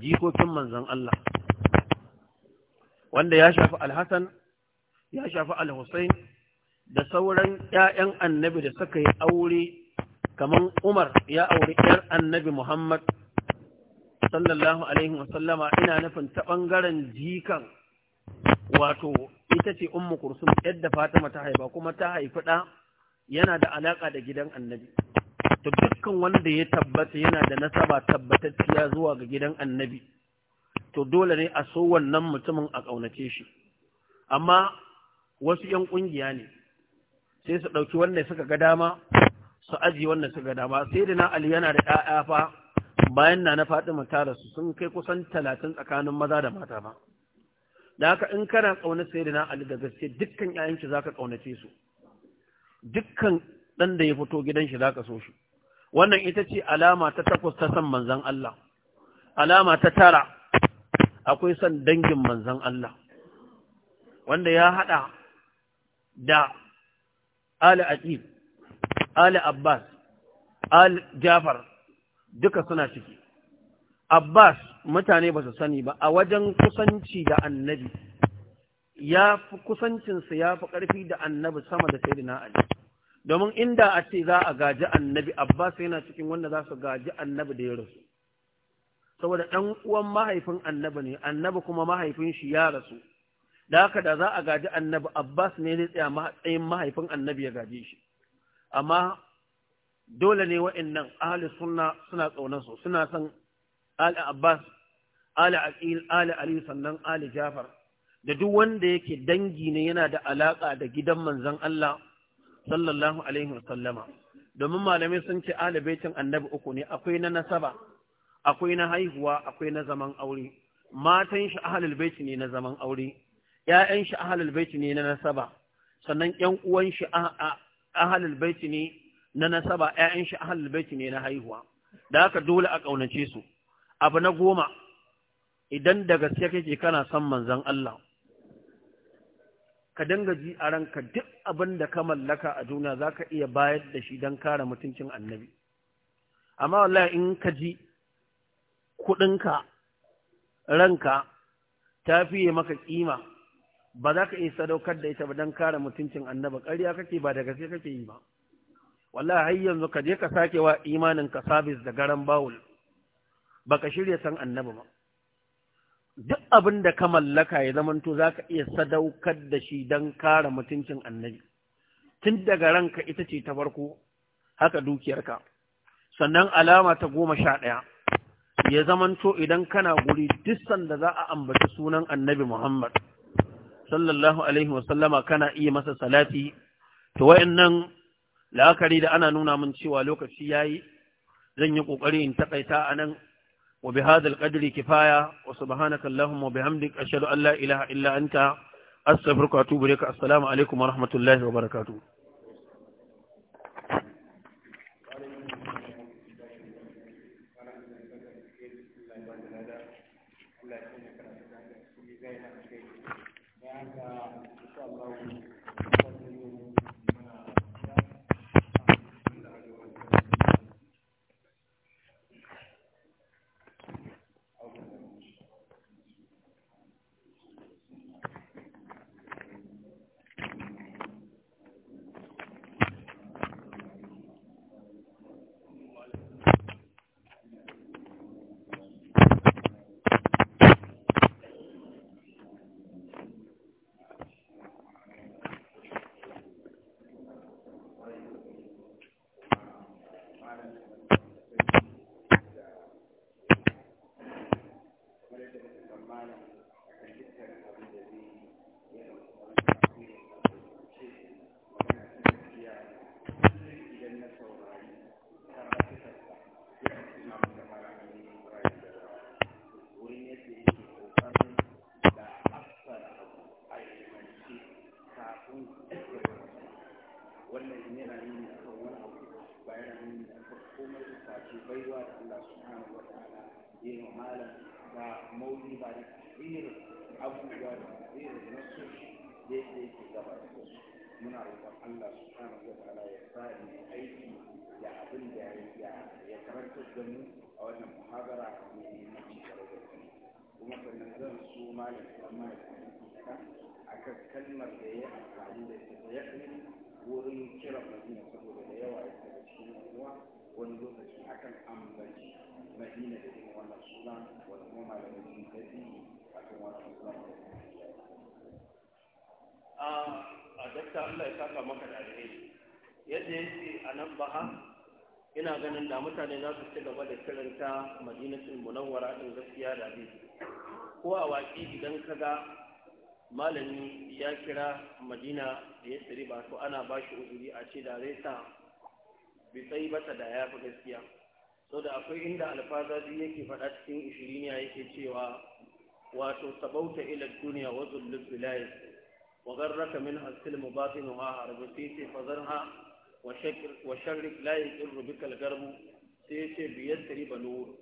jikokin manzon Allah wanda ya shafi alhassan ya shafi alhussein da sauran ‘ya'yan annabi da suka yi aure kamar umar ya aure ‘yar annabi muhammad sallallahu alaihi wasallama ina nufin ta ɓangaren jikan wato ita ce ummu kursum yadda fatima ta haifa kuma ta haifi ɗa yana da alaƙa da gidan annabi to dukkan wanda ya tabbata yana da nasaba tabbatacciya zuwa ga gidan annabi to dole ne a so wannan mutumin a ƙaunace shi amma wasu ‘yan ƙungiya ne sai su ɗauki wanda suka ga dama su aji wanda suka ga dama sai da na ali yana da ‘ya'ya fa bayan na na faɗi ta rasu sun kai kusan talatin tsakanin maza da mata ba. Da haka in kana ƙaunar na Ali da gaske dukkan ‘ya'yanki za ka ƙaunace su, dukkan ɗan da ya fito gidan shi za ka so shi. Wannan ita ce alama ta takwas ta san manzan Allah, alama ta tara akwai son dangin manzan Allah, wanda ya haɗa da Ali Aqib, Ali Abbas, Ali Jafar, duka suna ciki Abbas mutane ba su sani ba a wajen kusanci da annabi ya fi kusancinsa ya fi ƙarfi da annabi sama da na Ali domin inda a ce za a gaji annabi Abbas yana cikin wanda za su gaji annabi da ya rasu saboda ɗan uwan mahaifin annabi ne annabi kuma mahaifin shi ya rasu da haka da za a gaji annabi Abbas ne zai tsaya tsayin mahaifin annabi ya gaji shi amma dole ne wa'annan ahli sunna suna tsaunan su suna san ali abbas ali aqil ali ali sannan ali jafar da duk wanda yake dangi ne yana da alaka da gidan manzon Allah sallallahu alaihi wasallama domin malamai sun ce ahli baitin annabi uku ne akwai na nasaba akwai na haihuwa akwai na zaman aure matan shi ahlul baiti ne na zaman aure ƴaƴan shi ahlul baiti ne na nasaba sannan ƴan uwan shi ahlul baiti ne na nasaba ‘ya'yan shi ahal ne na haihuwa, da haka dole a ƙaunace su. Abu na goma, idan da gaske kake kana son manzan Allah, ka dinga ji a ranka duk abin da ka mallaka a duniya za ka iya bayar da shi don kare mutuncin annabi. Amma wallahi in ka ji kuɗinka, ranka, ta fiye maka ƙima, ba za ka iya sadaukar da ita ba don kare mutuncin annabi ƙarya kake ba da gaske kake yi ba. wallahi har yanzu ka je ka sake wa imanin ka sabis da garan bawul baka shirya san annabi ba duk abin da ka mallaka ya zamanto zaka iya sadaukar da shi dan kare mutuncin annabi tun daga ranka ita ce ta farko haka dukiyarka sannan alama ta goma sha ɗaya ya zamanto idan kana guri duk sanda za a ambaci sunan annabi Muhammad sallallahu alaihi wasallama kana iya masa salati to wayannan la'akari da ana nuna min cewa lokaci yayi zan yi ƙoƙari in takaita nan, wa bi hadha alqadri kifaya wa subhanaka allahumma wa bihamdik ashhadu an la ilaha illa anta astaghfiruka wa atubu ilaik assalamu alaikum wa rahmatullahi wa barakatuh wannan yana nuni akan wani abu ba yana nuni akan komai da sace baiwa da Allah subhanahu wa ta'ala ya yi malam ba mauli ba da tsirin abubuwa da tsirin nasoshi yadda yake gaba da su muna roƙon Allah subhanahu wa ta'ala ya sa ni aiki da abin da ya ya karanta da mu a wannan muhabara mai muhimmanci da rubutu kuma sannan zan so malam amma ya a kan kalmar da ya amfani da ita ya wurin kiran madina saboda da yawa ya daga cikin ruwa wani lokaci akan ambaci madina da irin wannan suna wani kuma malamin sun a kan wannan suna da a dakta Allah ya saka maka da alheri yadda yake a nan baha ina ganin da mutane za su ci gaba da kiranta madinatul munawwara din gaskiya da bi ko a waƙi idan ka ga malami ya kira madina da ya tsiri ba to ana ba shi uzuri a ce da zai sa bi tsayi bata da ya fi gaskiya sau da akwai inda alfazazi yake faɗa cikin ishiriniya yake cewa wato sabauta ilar duniya wa zullul bilayis wa garraka min asil mubatinu ha harbi sai ce ha wa sharrik la yaqirru bika algarbu sai ce biyar tsiri ba nuru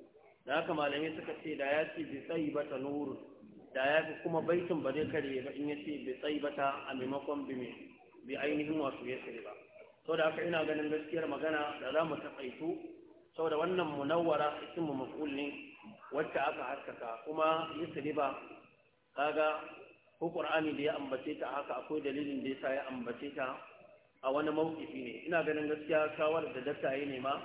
da haka malamai suka ce da ya ce bi tsayi bata nuru da ya fi kuma baitin ba zai karye ba in ya ce bai tsayi ta a maimakon bi ainihin wasu ya tsaye ba sau da haka ina ganin gaskiyar magana da za mu taƙaito sau da wannan munawwara ismu maf'ul ne wacce aka haskaka kuma yusri ba kaga ko qur'ani da ya ambace ta haka akwai dalilin da yasa ya ambace ta a wani mawkifi ne ina ganin gaskiya kawar da dattaye ne ma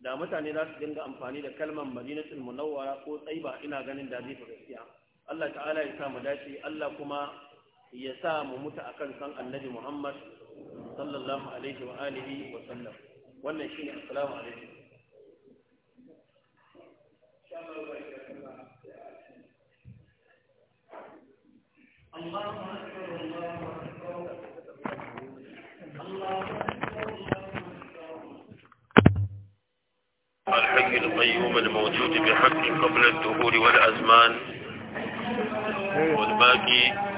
da mutane za su dinga amfani da kalmar madinatul munawwara ko tsaiba ina ganin da zai fi gaskiya Allah ta'ala ya sa mu dace Allah kuma ya sa mu mutu akan san annabi Muhammad sallallahu alaihi wa alihi wa sallam wannan shine assalamu alaikum Allahu akbar Allahu akbar Allahu akbar الحي القيوم الموجود بحق قبل الدهور والأزمان والباقي